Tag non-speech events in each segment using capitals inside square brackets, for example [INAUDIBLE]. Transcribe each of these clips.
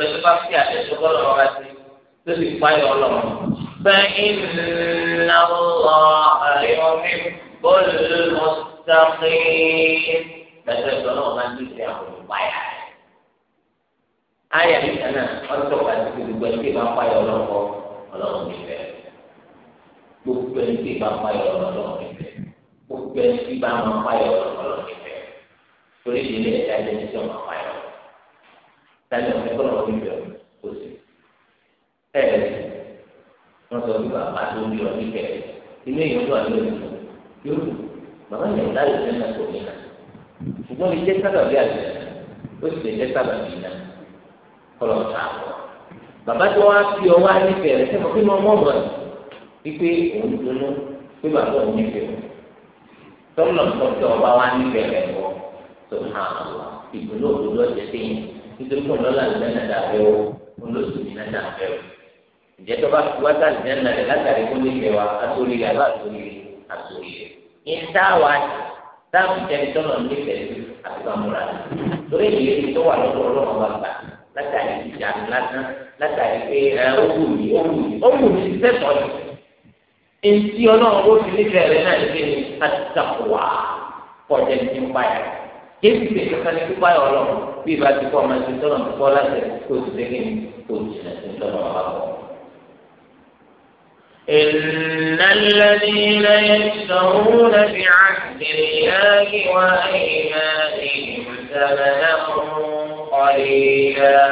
gbogbo ẹni bá fi àtẹ̀tọ́ bọ́lọ̀ ọba sí tó sì páyọ̀ ọlọ́run. fẹ́yìn náà lọ àyọ̀mí bọ́ọ̀lù mọ́tàkì lẹ́sẹ̀ tó náà máa ń dùn sí àwọn ìpáyà rẹ̀. ayé àti ìdáná ọ̀tọ̀ pàtó gbogbo ẹni tí bá páyọ̀ ọlọ́kọ̀ ọlọ́run nífẹ̀ẹ́ gbogbo ẹni tí bá páyọ̀ ọlọ́run nífẹ̀ẹ́ gbogbo ẹni tí bá máa páyọ̀ ọlọ́run nífẹ̀ẹ́ torí ìdílé ẹ̀dá ẹni tí ó máa páyọ̀ tani ọmọ ẹ̀kọ́ náà wọlé ọ kó sí ẹ ẹ wọn sọ wípé bàbá tó bí ọ níbẹ̀ ilé yìí ló wà ní òní yóò wù bàbá yẹn láyé fẹ́ náà kò ní nà ṣùgbọ́n lè jẹ́ sábà bí àjẹ́ ó sì lè jẹ́ sábà bí nà kọlọ̀ ta ọ bàbá tó wá fi ọ wá níbẹ̀ rẹ sẹ́mo pé mo mọ̀ mọ̀ wípé òun dunu pé bàbá òun níbẹ̀ tọ́lọ̀ tó ọba wá níbẹ̀ rẹ wọ tó hàn án ìdùnnú òdòdó ọ̀jẹ̀ sẹ́yìn nítorí pé ọ̀nà làlùjá náà dàbẹ́ o olóṣù mi náà dàbẹ́ o ìjẹ́ tó bá fi wá sàlùjá náà rẹ̀ látàrí kó lè jẹ wa àtòrí rẹ̀ àbá àtòrí rẹ̀ àtòrí rẹ̀ ń dá wa táàmù jẹ́ni tọ́nà nífẹ̀ẹ́ sí àtìbámúra torí ìrírí tó wà lọ́dọ̀ ọlọ́run wa gbà látàrí ìjànú lásán látàrí pé ẹ ó wù mí ó wù mí ó kéésì pé kankan ní pípa yọ lọ bí ìbá ti kọ ọmọ ẹsẹ tọrọ ní kọ láti kó o ti tẹ ni kó o ti tẹ ẹsẹ tọrọ wà bọ. إن الذين يشترون بعهد الله وأيمانهم ثمنا قليلا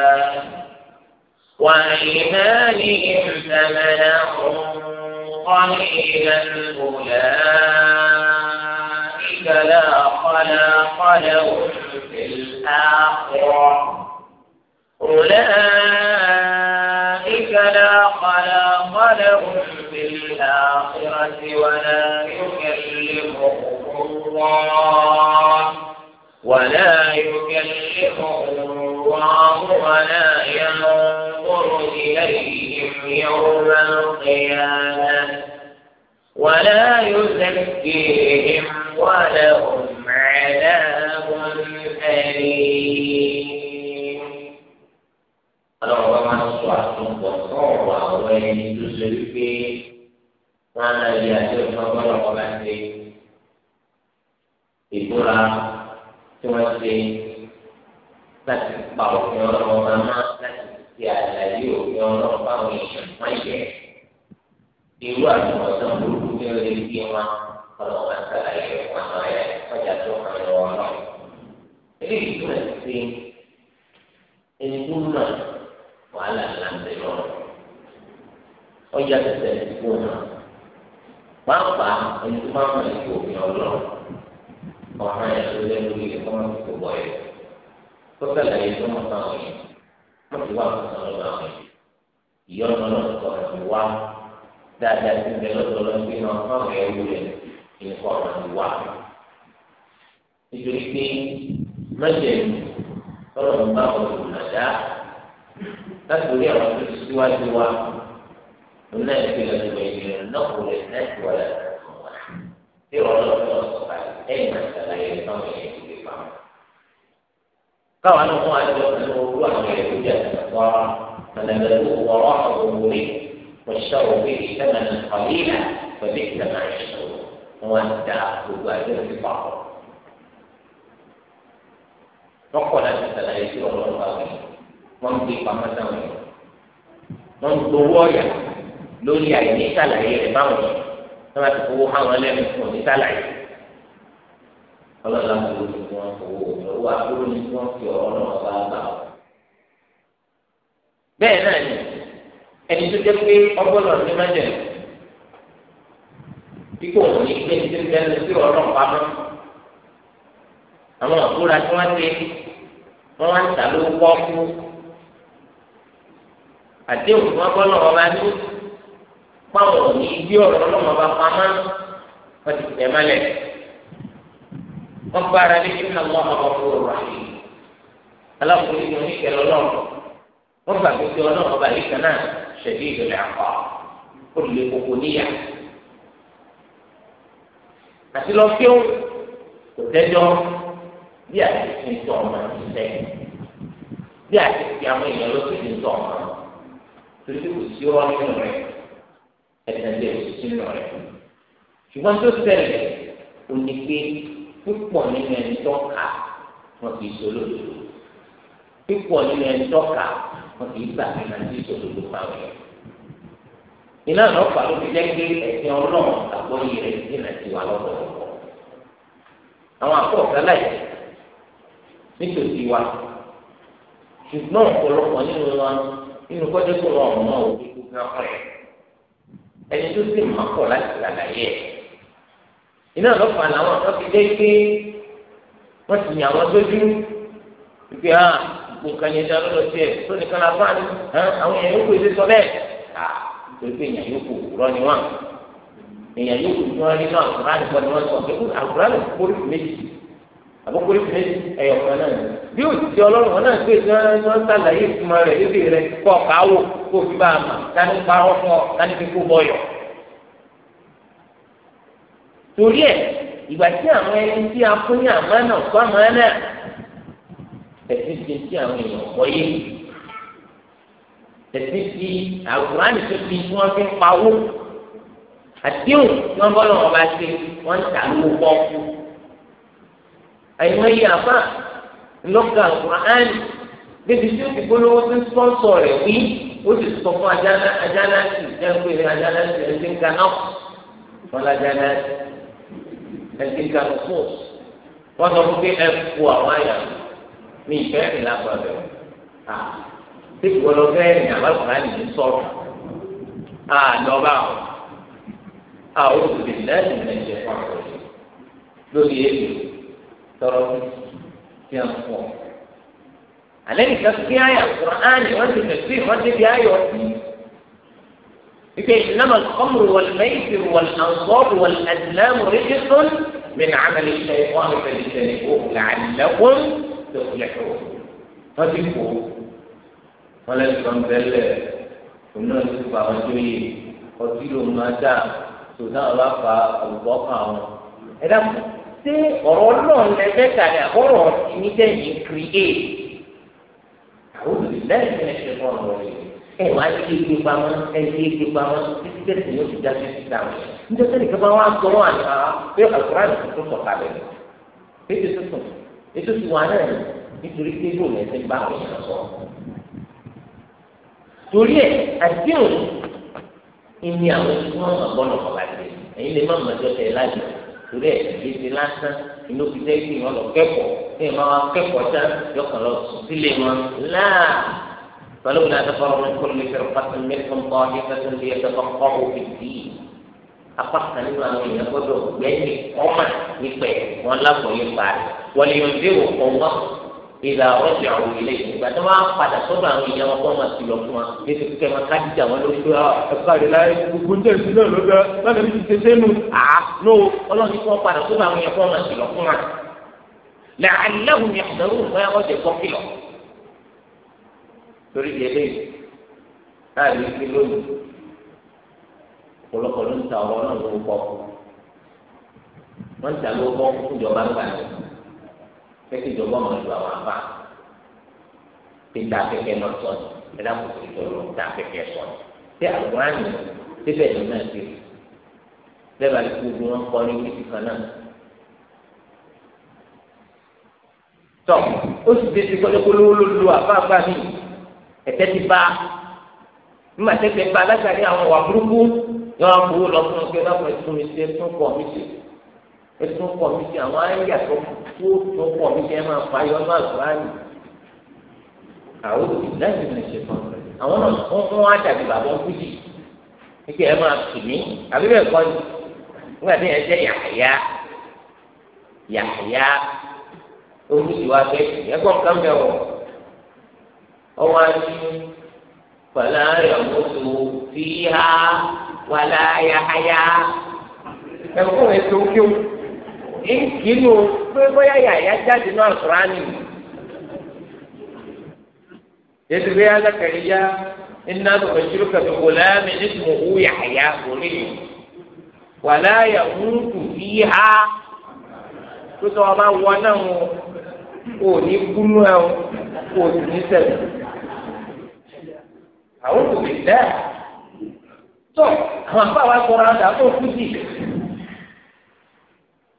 وأيمانهم ثمنا قليلا أولئك لا خلاق له في الآخرة أولئك لا خلاق له في الآخرة ولا يكلمهم الله ولا يكلمهم الله ولا ينظر إليهم يوم القيامة ولا يزكيهم ولهم عذاب أليم ọlọ́run bá máa ń sọ àtúntò fún ọ̀rọ̀ àwọn ẹni tó ṣe wípé wọ́n á lè àti ọ̀sán ọgbọ́n ọba ṣe ìbúra tí wọ́n ṣe láti pa òfin ọlọ́run bá máa láti ṣe àlàyé òfin ọlọ́run báwọn èèyàn wọ́n yẹ irú àtúnwọ̀sán burúkú ní orí ike wọn ọlọ́wọ́ àtàlàyé wọn náà yẹ ọjà tó kàn lọ wọn náà. eléyìí túmọ̀ sí ẹni tó mọ̀ wàhálà ńlá ń bẹ lọ́rọ̀ ọjà tẹ̀sẹ̀ ti kú wọn pàápàá ẹni tó bá mọ̀ ètò òfin ọlọ́run ọ̀hán ẹ̀ ló lẹ́nu ilé kọ́ máa fi gbọ́ ẹ̀ tó sàlàyé tó mọ̀ fáwọn yẹn wọ́n ti wá fún ọlọ́run àwọn yẹn ìyọ́nù ọlọ́run kọ́ ẹ̀ dáadáa ti bẹ lọ́dọ̀ lọ́dún iná fáwọn ẹrú rẹ̀ nǹkan ọ̀rọ̀ ti wà. nítorí pé mẹ́tẹ̀ẹ̀mí ọ̀rọ̀ ń bá ọ̀rọ̀ nàdá láti orí àwọn tó ti síwájú wa ló náà ti lọ sí ìrìn lọ́kùn rẹ̀ náà ti wà láti ọ̀rọ̀ wa. tí ọ̀rọ̀ lọ́dọ̀ sọ̀rọ̀ ẹ̀yìn náà ṣàlàyé fáwọn ẹ̀yìn tó lè fà wọ́n. káwọn àwọn àjọ ìlú àwọn ẹ̀rú jẹ́ واشتروا به ثمنا قليلا فبئس ما يشترون وانت تبادر ببعض وقل أن تتنايسي والله أغني وانت قامت أغني وانت ويا lórí àìní sàlàyé rẹ báwọn yẹn wọn bá ti fowó háwọn lẹ́nu fún òní sàlàyé ọlọ́lá kúrò ní wọn fowó òní owó àbúrò ní wọn fi ọ̀rọ̀ náà bá bá wọn. bẹ́ẹ̀ náà ni ẹni tó jẹ́ pé ọgbọ́nà ní mẹ́jẹ̀ ikú òun ní ilé tí ń bẹ́ẹ̀ lọ sí ọ̀rọ̀ pamọ́ àwọn òkúra tí wọ́n ti wọ́n wá ń tà ló wọ́ kú àdéhùn tí wọ́n gbọ́nà wọn bá ní pàwọn òní bí ọ̀rọ̀ ọlọ́mọ bá pamọ́ wọ́n ti tẹ̀ mọ́lẹ̀ wọ́n gbára ní kí nà wọ́n àwọn ọkọ̀ rà yìí alákòóso ní oníkẹ́lẹ́ ọlọ́run wọ́n gbàgbé pé ọlọ́run ọba yìí kan náà. شديد العقاب ó lè koko níyà àti lọ kí ó kò tẹ́jọ́ bí àti fi tọ̀ ọmọ ti sẹ́yìn bí àti fi àwọn èèyàn ló ti tọ̀ ọmọ torí kò sí ọ́ nínú rẹ̀ ẹ̀sẹ̀ lè kò pípọ̀ nínú ẹni tọ́ka wọn kì í gbà pé màá ti sòdodo pa wọn yẹn. iná àná fà ló fi jẹ́ pé ẹ̀sìn ọlọ́run àgbọ̀ yìí rẹ̀ sí náà ti wà lọ́pọ̀lọpọ̀. àwọn àpọ̀ ọ̀sálà yìí nítòsí wa ṣùgbọ́n ọ̀pọ̀lọpọ̀ nínú wa nínú kọ́jú kó lọ ọ̀run náà òbí kú ká fún ẹ̀. ẹni tó sì máa kọ̀ láti làlàyé ẹ̀. iná àná fà làwọn àtọ́ fi jẹ́ pé wọ́n ti yàn àwọn lójú wípé hàn ah, kò kàn ní ìdáná lọ sí ẹ tó nìkan la fáàní àwọn èèyàn yòókù èdè sọ bẹ́ẹ̀ à pé pé èèyàn yòókù rọ ni wọn èèyàn yòókù ni wọn rí náà àkùránì kọ ni wọn sọ pé àkùránì kórè méjì àbọ̀ kórè méjì ẹyọ kan náà bí o ti ọlọ́run wọn náà gbé tí wọn sàlàyé ìfúnma rẹ lébi rẹ kọ káwọ kó fi bá a mà tani parọ́ fún ọ tani fi kó bọyọ torí ẹ ìgbà tí àwọn ẹni tí a fún ní àmánà ọ̀tọ́ àmánà ẹ̀sìn ti ti àwọn èèyàn kọ́ yé ẹ̀sìn ti àwòrán tó ti tí wọ́n fi ń pawó àdéhùn tí wọ́n bọ́ lọ́wọ́ bá ṣe wọ́n ń tà lówó pọ́ àyìnbó yìí àbá ńlọ́gà àwòrán níbi tí ó ti gbólówó tó ń sọ́ńsọ̀ rẹ̀ wí ó sì sọ fún ajánásì ẹgbẹ́ rẹ̀ ajánásì ẹgbẹ́ nǹkan náà wọn lajánásì ẹgbẹ́ nǹkan náà fún wọn sọ fún pé ẹ kú àwọn àyàn mi ìfẹ́ rìn lágbàdo à tí ìwọlọ fẹ́ rìn àbálùkọ́lá nìyí sọ̀rọ̀ à lọ́ba o à ó lù mí lẹ́yìn lẹ́yìn pàpọ̀ lórí èlò tọrọ tí a ń fọ. alẹ́ nìkan kí àyà kùránì wọ́n ti fẹ̀sí wọ́n ti di ayọ̀ sí. ike ìnáma kọ́mùrù wọ̀l mẹ́yìsìrì wọ̀l àǹsọ́ọ̀bù wọ̀l àdìlẹ́mù rẹ́jẹ̀sọ́n mi nà ámàlì ṣe wọ́n fẹ̀lẹ̀ ṣẹlẹ̀ tẹ̀sílẹ̀kọ̀ wọ́n ti kó wọn lẹ́nu kan bẹ́lẹ̀ òun náà ti fa àwọn tó yẹ ọtí ló máa dà tó náà wá fa ọ̀gbọ́ kan àwọn. ẹ dákun ṣé ọ̀rọ̀ náà lẹ́fẹ́ kàlẹ́ àbọ̀rọ̀ ọtí ní tẹ̀yìn kiri é àwọn olùdílẹ́yìn ní ẹ̀ṣẹ̀ fún ọ̀rọ̀ rẹ̀ ẹ wá sí ike pamọ́ ẹ sí ike pamọ́ títí tẹ̀sí ní oṣù dájú sí dáhùn nítorí sẹ́ni kí wọ́n wá sọ wọn àná pé àkùrá ìtútù sọ̀kalẹ̀ ètò tuntun ètò ti wà náà nítorí pé yóò lẹ́sẹ̀ bá àwọn èèyàn sọ. torí ẹ̀ àdéhùn ìní àwọn tí wọ́n mọ̀ gbọ́nà kọ̀ọ̀bà dé ẹ̀yin lè má mọ̀ ẹjọ́ tẹ̀ láti torí ẹ̀ ìgbésẹ̀ lásán inú fi jẹ́ kí wọ́n lọ kẹ́kọ̀ọ́ kí wọ́n máa kẹ́kọ̀ọ́ sá yọkàn lọ sílé wọn láà. فلولا نفر من كل فرقة منهم طائفة ليتفقهوا في الدين apákan nínú àwọn èèyàn gbọ́dọ̀ gbẹ̀yìn kọmà nípẹ wọn lágbóyè parí wọlé yóò dé wò ọwọ́ ìlà ọjà òun ilé ìgbà tó máa padà sọ́dọ̀ àwọn èèyàn wọn kọ máa ti lọ fún wa ètò kíkẹ máa kájíjà wọn ló fi ah, ẹ̀ka ìlà gbogbo ń tẹsí náà ló dá láti fi ṣe sẹnu àá ló Ọlọ́run ní kí wọn padà sọ́dọ̀ àwọn èèyàn kọ máa ti lọ fún wa làálàhùn yàtọ̀rù wọn ọjà kọ kìlọ̀ torí ìdílé láàrin ìdílé lónìí ọ̀pọ̀lọpọ̀ ló ń ta ọ̀rọ̀ náà ló ń pọ̀ wọ́n ń ta ló pọ̀ fún ìjọba ń gbàdé kẹ́kẹ́ ìjọba ọmọ ìlú àwọn àbá pété akẹ́kẹ́ náà sọ ẹ dákun tó ìjọ ló ń ta akẹ́kẹ́ sọ ṣé àwọn àmì síbẹ̀ ló náà ti rí bẹ́ẹ̀ bá gbogbo wọn kọ́ ní wíìsì kan náà. tọ́ ó sì ti ti kọ́jọ́kọ́ lówó ló àbá àgbà mi ẹ̀tẹ́ ti bá nígbà tẹ́tẹ́ bá látàrí àwọn wà burúkú yọ àbúrò lọ fún ọkẹ lọkọ ẹtún mi sí ẹtún pọ mi sí ẹtún pọ mi sí àwọn ayé àtọ tó tó pọ mi sí ẹ máa fà yọ ọdún àgbáyé àwọn olùdájì mi ṣe fún ọkọ àwọn náà wọn wọn àdàbí bàbá ọkùnjì wípé ẹ máa tù mí àbí bẹ́ẹ̀ kọ́ ni nígbà tí ẹ jẹ́ yàhàyà yàhàyà olùdí wa fẹ́ ẹgbọ́n kan bẹ̀ wọ̀ ọwọ́ àti fàlàyé ọ̀gbọ́n tó fi há wàlá yahaya ẹ̀kọ́ ètò kíw ìkínú pé bóyá yàyà jáde náà sọ̀rọ̀ ànì yẹtù bí alákàrí yá iná tó kọ ṣírò kàtó kò láàmì nítorí owó yàyà kò rí wàlá yàhùnkù yíha tó sọ ọba wọ náà wọn kò ní kúnú ẹ kò ní ṣẹlẹ̀ àwọn kò lè dá tó àwọn àbá wa sọ̀rọ̀ àdá tó fújì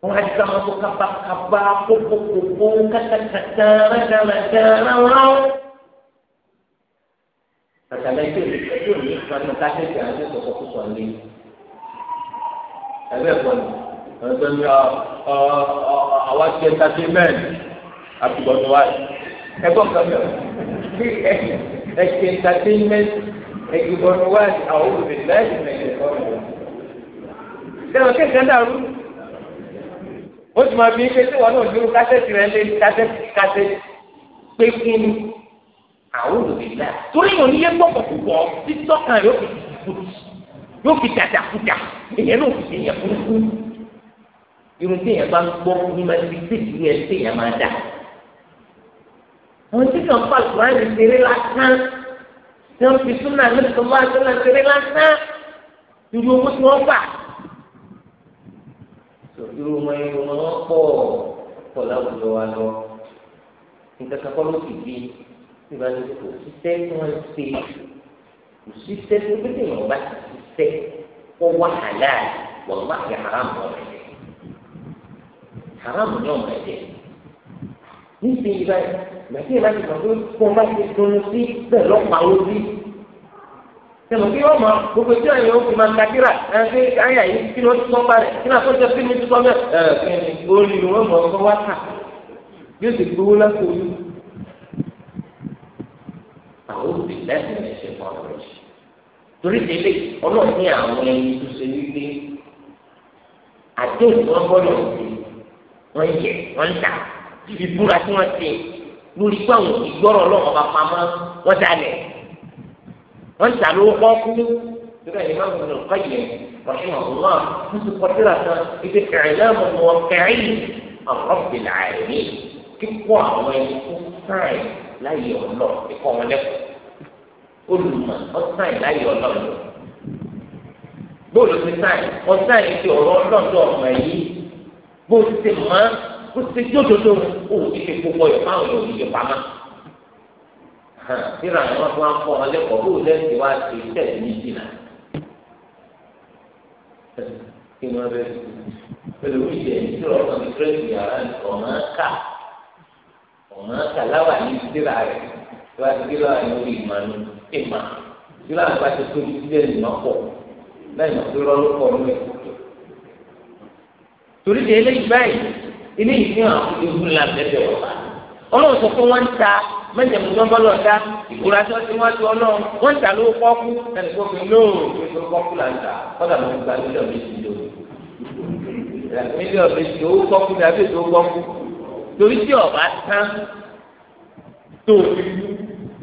wọn á dìgbà wọn kó kábàkábà kókókókó kátàkátà rádaràdà ráráwó kàtàlẹ́ tó tó ní ìfọ̀nù káṣẹ́sì àti sọ̀kọ̀kọ̀sọ̀ ní ẹgbẹ́ ìfọ̀nù ẹgbẹ́ mi àwa ti ẹ̀ńtàtẹ́mẹ́ǹtì àtùgbọ̀nù wa ẹgbọ́n kan mẹ́rin bí ẹ̀ńtàtẹ́mẹ́ǹtì ẹ̀gbọ́n wá àwọn olùbẹ̀rẹ̀ láyé ìrìnàjò ẹ̀kọ́ rẹ̀. Ìjọba kẹ̀kẹ́ dàrú. Ó ti máa bí ike tí wọn náà dúró kásẹ̀tì rẹ̀ lé kásẹ̀tì kásẹ̀tì pé kí ni àwọn olùbẹ̀rẹ̀ torí yóò níye gbọ́kọ̀ púpọ̀ títọ́kàn yóò fi kúrú yóò fi dàdà kúdà èyàn náà fi èyàn kúrú. Irun tí èyàn bá ń gbọ́ ní máa ti tètè ní ẹ̀ tí èyàn máa dà. Àwọn tí kàn fà lùwárì ṣeré lásán tí wọ́n fi súnà níbi tó wá súnà kéré lásán irú owó tí wọ́n gbà. irú ọmọ yẹn wọ́n pọ̀ pọ̀ láwùjọ wa lọ nǹkan kan kọ́ ló sì bí nígbà tó kò síṣẹ́ tí wọ́n ṣe kò síṣẹ́ tó bí èèyàn bá ti ṣiṣẹ́ kó wá halal wọ́n wá fi haram wọ̀ ẹ̀jẹ̀ haram ni ọ̀mọ̀ ẹ̀jẹ̀ níbi ìgbà ìgbàtí ìgbà tí ìgbàgbọ́ kó o bá ti dunu sí bẹ́ẹ̀ lọ́pàá ó rí. Tẹ̀mọ̀ kí wọ́n mọ gbogbo tí àyè ó fi máa ta kíra ẹ̀ ṣe àyà yìí kí ló ti sọ́ pa rẹ̀ kí náà tó jẹ́ kí ni ti sọ́ mẹ́ ẹ̀ kẹ́ni orí wọn mọ̀ ọ́ wá kà yóò ìbúra tí wọ́n ti lórí pé àwọn ìgbọ́rọ̀ ọlọ́run ọba pamọ́ wọ́n dalẹ̀ wọ́n ta ló kọ́ kú nígbà yìí máa ń gbọ́dọ̀ kọ́ yẹn rọ̀ṣùn ọ̀gbọ́n tuntun kọ́tíra kan ibi ìrìnàmù wọn kẹrin ọ̀rọ̀bìnà àìní kíkọ́ àwọn ẹni tó sáìn láyé ọlọ́ ìkọ́ wọn lẹ́kọ̀ọ́ olùmọ̀ ọ́ sáìn láyé ọlọ́ bóòlù ti sáìn ọ́ sáìn ti ọ̀rọ̀ ọlọ́dọ̀ ọ̀mọ̀ yìí bóòlù ti máa ó ti jódodo òun ti fi gbogbo ẹ̀ máa ń lò ní ìpamọ́ síra ni wọ́n fún wa fọ́ wọn lẹ́kọ̀ọ́ bó lẹ́sìn wá sí tẹ̀lé ní ìjìnà kí ni wọ́n fẹ́ pẹ̀lú ìjẹ́ ìṣòro ọ̀nà ní kírẹ́sì yàrá ọ̀nà ká ọ̀nà ká láwà ní síra rẹ̀ tí wọ́n ti gbé láwà ní orí ìmọ̀ ní ìmọ̀ tí wọ́n àgbà ti tó sílẹ̀ nìyọ̀ pọ̀ lẹ́yìn tó rọ́ ló pọ̀ nínú torí ti eléyìí báyìí ilé ìfihàn àwọn ìlú la bẹ̀rẹ̀ wọ̀ ọlọ́run sọ pé wọ́n ń ta mẹ́jẹ̀mú tó ń bọ́ lọ dá ìkura tó ti wọ́n ti ọlọ́run wọ́n ń ta lówó pọ́kú ẹnì kó fi lóòrò tó pọ́kú là ń ta kọ́dà mo gba mílíọ̀nù méjì lò mílíọ̀nù méjì owó pọ́kú ni àbí èso pọ́kú torí tí ọba tán tó fi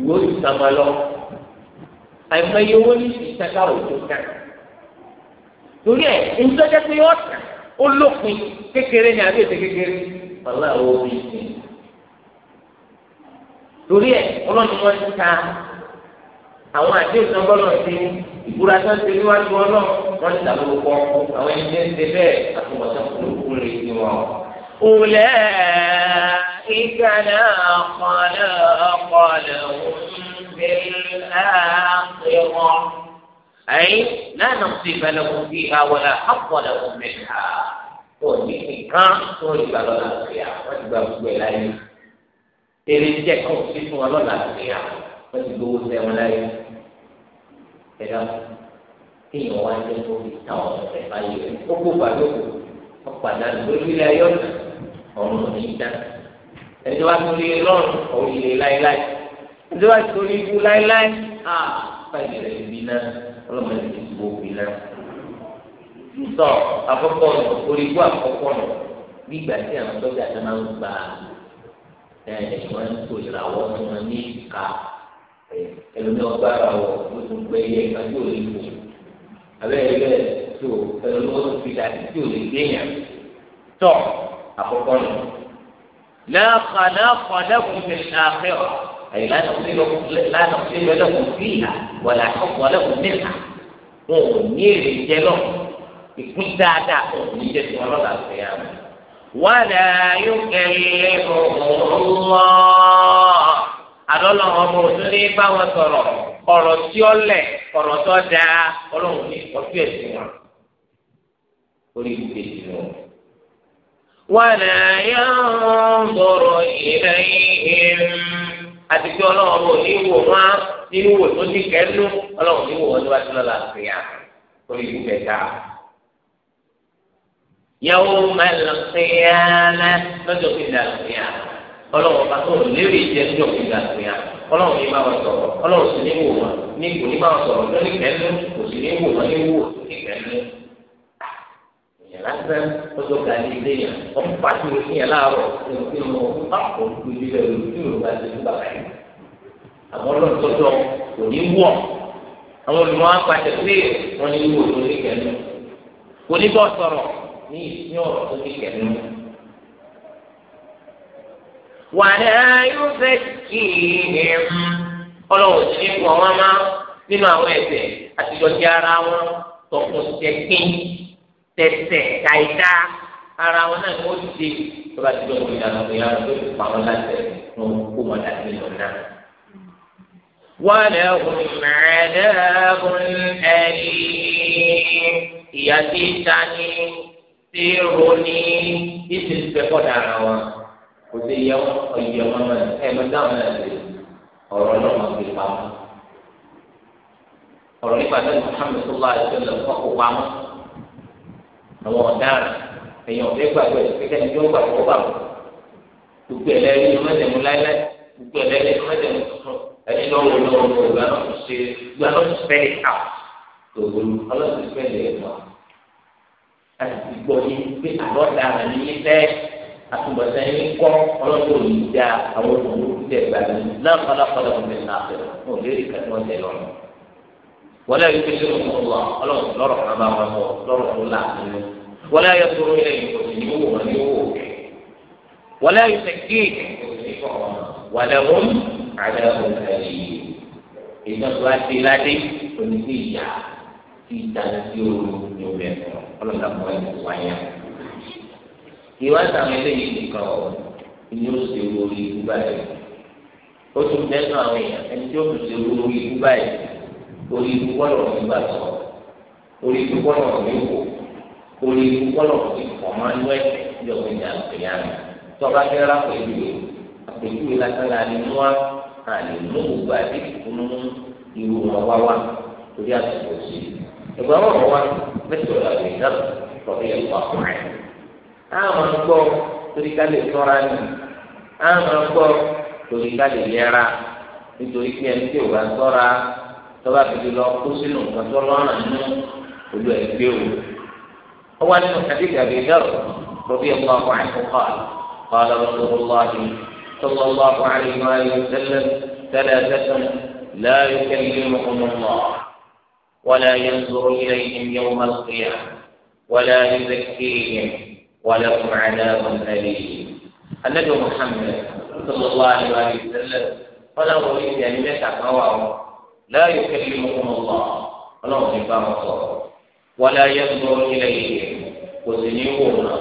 ìwé ìsàmà lọ àìmọye owó ní ìsàkà òjò kan torí ẹ̀ ń tọ́jú pé ọ̀tàn ó lópin kékeré ni àbí ètè kékeré wàhálà owó bí torí ẹ ọlọ́ni wọn ti ta àwọn àdéhùn náà bọ́lọ̀ sí ìbúra tó ń ṣe níwájú ọlọ́ wọn ti tàbí ọkọ àwọn ẹni tí ń ṣe bẹ́ẹ̀ àtúbọ̀tán kúrò kúrò ní wọn. òlẹ́ ìkànnà ọ̀pọ̀lọpọ̀ lòún bí àpéwọ̀n. أي لا نصيب لهم فيها ولا حظ لهم منها ونحن كان تولي بلولا القيامة وتبقى بلاي إذن تكون في بلولا القيامة وتبقى بلاي إذا كي يواجه في التوبة طيب وكوبا يوكو وقدر بلولا إلى يوم ọrùn níta ẹjọ wa torí lọrùn òun lè láéláé ẹjọ wa torí ikú láéláé ah fàyè rẹ bí náà ọlọ́mọdé ti bò fi náà. sísọ àkọ́kọ́ nù orígbó àkọ́kọ́ nù gbígbà tí àwọn sọ́jà tó máa ń gba ẹ̀ẹ́dẹ̀gbọ́n tó ìràwọ̀ tó máa ní ìka ẹlòmíràn gbára wọ̀ ó tún gbé iye ìka tí ò lè fò abẹ́rẹ́ bẹ́ẹ̀ tó ẹlòmíràn tó fi dàtí tí ò lè gbé yàn tọ́ àkọ́kọ́ nù. lẹ́ẹ̀kan lẹ́ẹ̀kan lẹ́kùn fi أي لا نقصي لا نقصي لكم فيها ولا حكم لكم منها ونير جلو يكون دادا ونير جلو القيامة ولا يكلمهم الله أدولهم مسلم وصرف ọ̀rọ̀ tí ó lẹ̀ ọ̀rọ̀ tó dáa ọlọ́run ní ọtí ẹ̀sìn ولا orí ìgbé ti lọ. wọn náà yóò ń bọ̀rọ̀ ìrẹ́yìn àti pé ọlọ́run ò ní wò wá nínú wò tó ní kẹ́nu ọlọ́run ò ní wò wọ́n tó bá ti lọ́la àgbéyà orí ìlú bẹ̀ta. yàwó mẹ́lẹ̀kìyà náà lọ́jọ́ ìdá àgbéyà ọlọ́run bá tó lérè jẹ́ lọ́jọ́ ìdá àgbéyà ọlọ́run ní bá wọn sọ̀rọ̀ ọlọ́run sì ní wò wọ́n ní kò ní bá wọn sọ̀rọ̀ lọ́ní kẹ́nu kò sì ní wò wọ́n ní wò tó ní fẹ́ ọjọ́ ga ní ilé yẹn ọmọ pàṣẹ òsì yẹn láàárọ̀ kí mo àpò ojú rẹ̀ lójú rẹ̀ bá ti gbà báyìí. àwọn ọlọ́dọọdọ kò ní wọ̀ àwọn olùmọ̀ apàṣẹ pé wọ́n ní wò ló ní kẹ́nu kò ní bọ́ sọ̀rọ̀ ní ìsín ọ̀rọ̀ tó ní kẹ́nu. wàdà yóò fẹ́ kí ọlọ́wọ́ sí ní máa nínú àwọn ẹ̀ṣẹ̀ àtijọ́ tẹ̀sẹ̀ àìdá ara wọn náà ni wọ́n ti dé tó bá ti dọ̀ wọ́n ìlànà òun yàrá tó ti pa wọn láti ẹ̀ fún kó wọn láti lọ náà. ولهم عذاب أليم ìyà tí ń dání tí ń roni tí ti ń pẹ́kọ̀ dára wọn kò sí yẹ wọn ọ̀yẹ̀ wọn náà ẹ̀ mọ dáhùn náà lè ọ̀rọ̀ náà wọn fi pamọ́ ọ̀rọ̀ nípa náà Muhammadu sallallahu alaihi wa sallam pamọ́ àwọn ọ̀daràn èèyàn ọ̀fẹ́ gbàgbọ́ ìpínlẹ̀ ní yóò gbàgbọ́ gbàgbọ́ gbogbo ẹlẹ́rìí ni mọ́tẹ̀mú láíláí gbogbo ẹlẹ́rìí ni mọ́tẹ̀mú tuntun ẹni lọ́wọ́ lọ́wọ́ ìgbà náà ti ṣe ìgbà náà ti fẹ́ ká tòwòrò ọlọ́sì fẹ́ lè mọ́ láti gbọ́ yín pé àlọ́ dára ní yín fẹ́ àtúbọ̀tán yín kọ́ ọlọ́sì ò ní àwọn òṣèlú ولا يكلمهم الله الله لا رحمة ما هو لا رحمة ولا يصل إليه يوم يوم ولا يزكيك ولهم عذاب أليم إذا سؤال بلادي فنسيا في تنسير يوم الله لا مهم وعيا ìwà sàmì eléyìí nìkan ọ ni ó ṣe olórí ikú báyìí ó tún bẹ́ẹ̀ náà àwọn èèyàn ẹni tí ó tún ṣe olórí ikú báyìí orí ikú bọ́lọ̀ ní gbà sọ orí ikú bọ́lọ̀ ní wò orí ikú bọ́lọ̀ ní kọ̀mánú ẹ̀ ní ọ̀gbìn ní àgbẹ̀yà mi tọ́ba fẹ́ rà pẹ̀lú rẹ̀ pẹ̀lú rẹ̀ lásán la ní wá àlè mú gbogbo àti ìfúnnú irú wọn wá wá torí àtúntò sí i ìgbà wọn wá mẹsàn-án làwọn ìdá lọ́dún yẹn wà fún ẹ̀. gbọ́ torí ká lè tọ́ra ni nítorí pé ẹni tí ò bá tọ́ra tọ́ba fìdí lọ kó sínú nǹkan tó lọ́nà nínú olú ẹgbẹ́ o. ó wá nínú kàdíkà bíi dẹ́rù rọ́bì ẹ̀kọ́ àwọn àìkọ́kọ́ àlọ́ rọ́sọ̀rọ̀láhì صلى الله عليه وآله وسلم ثلاثة لا يكلمهم الله ولا ينظر إليهم يوم القيامة ولا يزكيهم ولهم عذاب أليم النبي محمد صلى الله عليه وآله وسلم ولا أريد أن يتعقوا لا يكلمهم الله اللهم نفهم الصبر ولا ينظر إليهم وزنيونا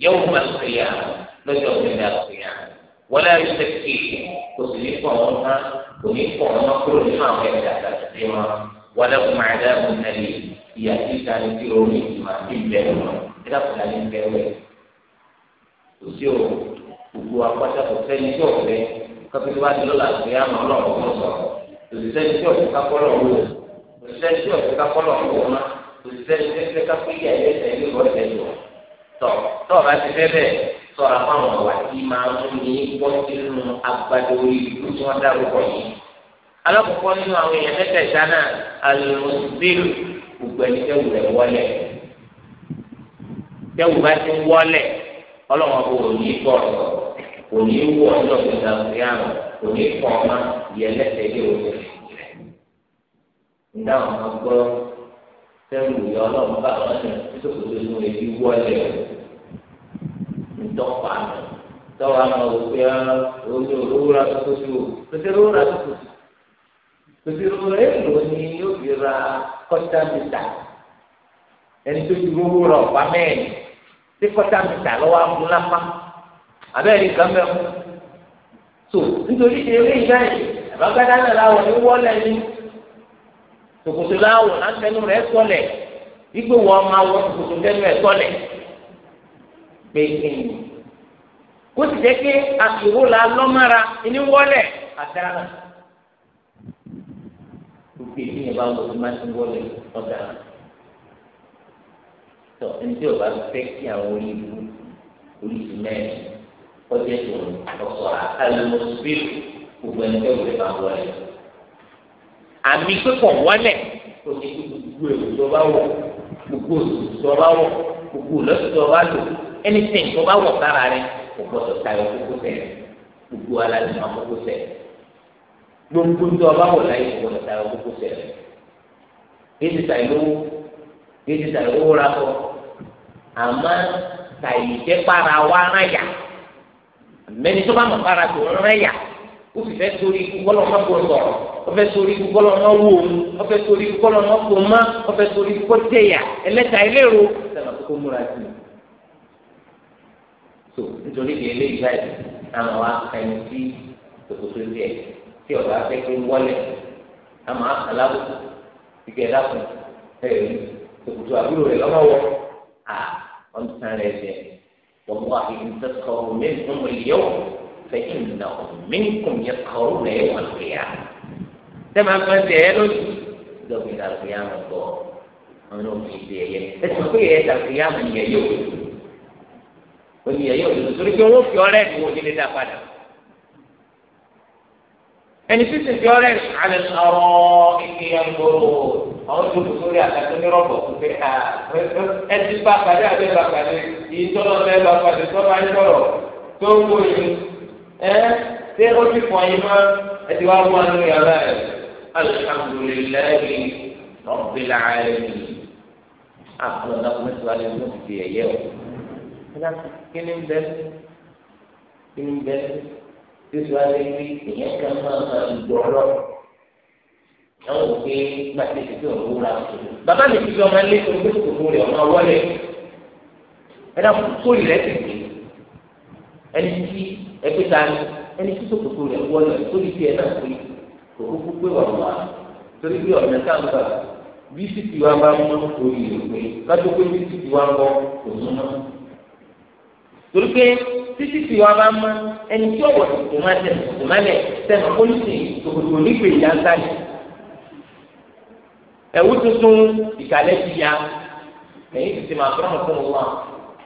يوم القيامة نجر من القيامة ولا يزكيهم وزنيونا ونفهم كل ما يتكلم ولهم عذاب أليم يأتيك عن تيروهما بالبلوى إذا كنا للبلوى وسيروا gbogbo akpata kò sẹ́ni tí o fẹ́ kọ́pẹ́tì wá sí lọ́la àti ìyá àmọ́ ọlọ́run kò sọ̀rọ̀ òṣìṣẹ́ tí ọ̀sẹ̀ kakọ́lọ̀ wò òṣìṣẹ́ tí ọ̀sẹ̀ kakọ́lọ̀ wò ma òṣìṣẹ́ tí ọ̀sẹ̀ kakọ́lọ̀ yẹ ẹsẹ̀ ilé ìwọ ẹsẹ̀ yọ. tọ tọ bá ti fẹ́ bẹ́ẹ̀ sọ̀rọ̀ fáwọn ọ̀wà tí máa ń mú ní gbọ́ sínú agbado ìlú tí wọ́n dárúkọ yìí. alákòókò nínú àwọn èèyàn mẹ́tẹ̀ẹ̀ta náà alùpùpù gbogbo kò ní í wọ ọjọ́ ìgbà ìyáàmù kò ní í kọ́ ọmọ ìyẹn lẹ́sẹ̀ ilé òkè rẹ̀. ǹda àwọn gbọ́ sẹ́yìn ìyá ọlọ́run bá wọn ní ìsòkòtò inú rẹ̀ bí wọlé o ǹdọ́pà nù tọ́wọ́ àmọ́ òkè oní òwúrọ̀ tuntun sí o tètè òwúrọ̀ tuntun sí tètè òwúrọ̀ èlò ni yóò fi ra kọ́tà mítà ẹni tó ti gbogbo rọ̀ ọ̀pá mẹ́rin kọ́tà mítà lọ́wọ́ amúlápá abẹ́rẹ́ nǹkan bẹ́ẹ̀ mú tó nítorí ṣe eré ìgbà yìí àbágbádá náà láwọ̀ ní wọ́lẹ̀ ní tòkòtò láwọ̀ látẹnu rẹ̀ sọlẹ̀ wípé wọ́n máa wọ tòkòtò tẹnu rẹ̀ sọlẹ̀ pé kéyìn kó sì jẹ́ pé àṣìwò la lọ́mọ́ra ní wọ́lẹ̀ àdára gbogbo èyí yẹn bá wọ́n máa ti wọ́lẹ̀ ọ̀dára tó ẹni tí o bá fẹ́ kí àwọn orí ìlú orí ìlú ọjọ́ ìṣòro ọ̀sọ̀rọ̀ àlùmọ̀sibíru gbogbo ẹni tó wẹ̀ bá wọlé. àmì pípọ̀ wọlé tó ti kú gbogbo èrò tó bá wọ̀ gbogbo òṣù tó bá wọ̀ gbogbo òlọ́sì tó bá lò anything tó bá wọ̀ sára rẹ̀ kò gbọ́dọ̀ tayọ kókó tẹ̀ gbogbo aláàlú máa kókó tẹ̀ gbogbo tó bá wọ̀ láyé kò gbọ́dọ̀ tayọ kókó tẹ̀ èyí ta ìlówó èyí ta ìlówó rà kọ àmọ́ tàyè jẹ́ para wa náà yà mẹni tó bá mọ fara tó rẹyà ó fi fẹ́ sórí ikú bọlọ má kó sọ̀rọ̀ ó fẹ́ sórí ikú bọlọ má wò ó ó fẹ́ sórí ikú bọlọ má kó má ó fẹ́ sórí ikú kó tẹyà ẹlẹta ẹlẹro sẹlẹ kó múra sí i tó nítorí kí eléyìí báyìí táwọn wa kẹni sí tòkòtò díẹ̀ tí ọba fẹ́ pé wọlé àmọ́ alábòkù ìgbẹ dàpọ ẹ tòkòtò àbúrò rẹ lọ́wọ́ wọ à ọ̀n tán rẹ bẹ́ẹ̀. والله إن تسخروا منهم اليوم فإنهم منكم يسخرون يوم القيامة تمام ما تقولوا دوم إلى القيامة الله أنا في سيئة تسخروا إلى القيامة هي يوم oní ẹyọ nítorí pé owó fi ọrẹ ìwò ní lè dá padà ẹni tí sì fi ọrẹ àwọn tó kù sórí àtàkùn ní rọ́bọ̀ kù pé ẹ ti bá pàdé àti bá pàdé yìí tó lọ bẹ́ẹ̀ bá pàdé tó bá ń sọ̀rọ̀ tó ń wò yìí ẹ ṣé ó ti fọ̀ yín mọ́ ẹ ti wá wọ́n nínú yàrá ẹ̀ alihamudulilayi rọ̀bìlà ayẹyẹ àkùnrin náà kún sí wa ní ọdún ti ẹ̀yẹ o kí ni bẹ́ẹ̀ kí ni bẹ́ẹ̀ tí wàá lè rí ìyẹn kan máa ń gbọ́ lọ́wọ́ ẹ̀wọ̀n wò pé nígbà tí èsì tí òun wúra bàbá mi ti fi ọmọ ilé tó gbé kòkòrò rẹ̀ ọmọ wọlé ẹ̀dá kóòlì rẹ̀ ti gbé ẹni tí ẹgbẹ́ ta ni ẹni tí tó kòkòrò rẹ̀ wọlé kóòlì tiẹ̀ náà pé kòkòrò pé wà wá torí pé ọ̀nà káàmùkà bí títí wa bá mú orí rẹ̀ pé kájọ pé bí títí wa bọ̀ kò mú mọ́ torí pé títí tí wa bá mú ẹni tí ọ̀wọ̀ tó má tẹ̀ tó má lẹ̀ tẹ̀ mọ́ kóòlì tẹ̀ kòkòrò nígbè yá sáré ẹ̀wù tuntun ìkàlẹ̀ ti ya ẹ̀yìn ti ti máa fọ́nà fún wa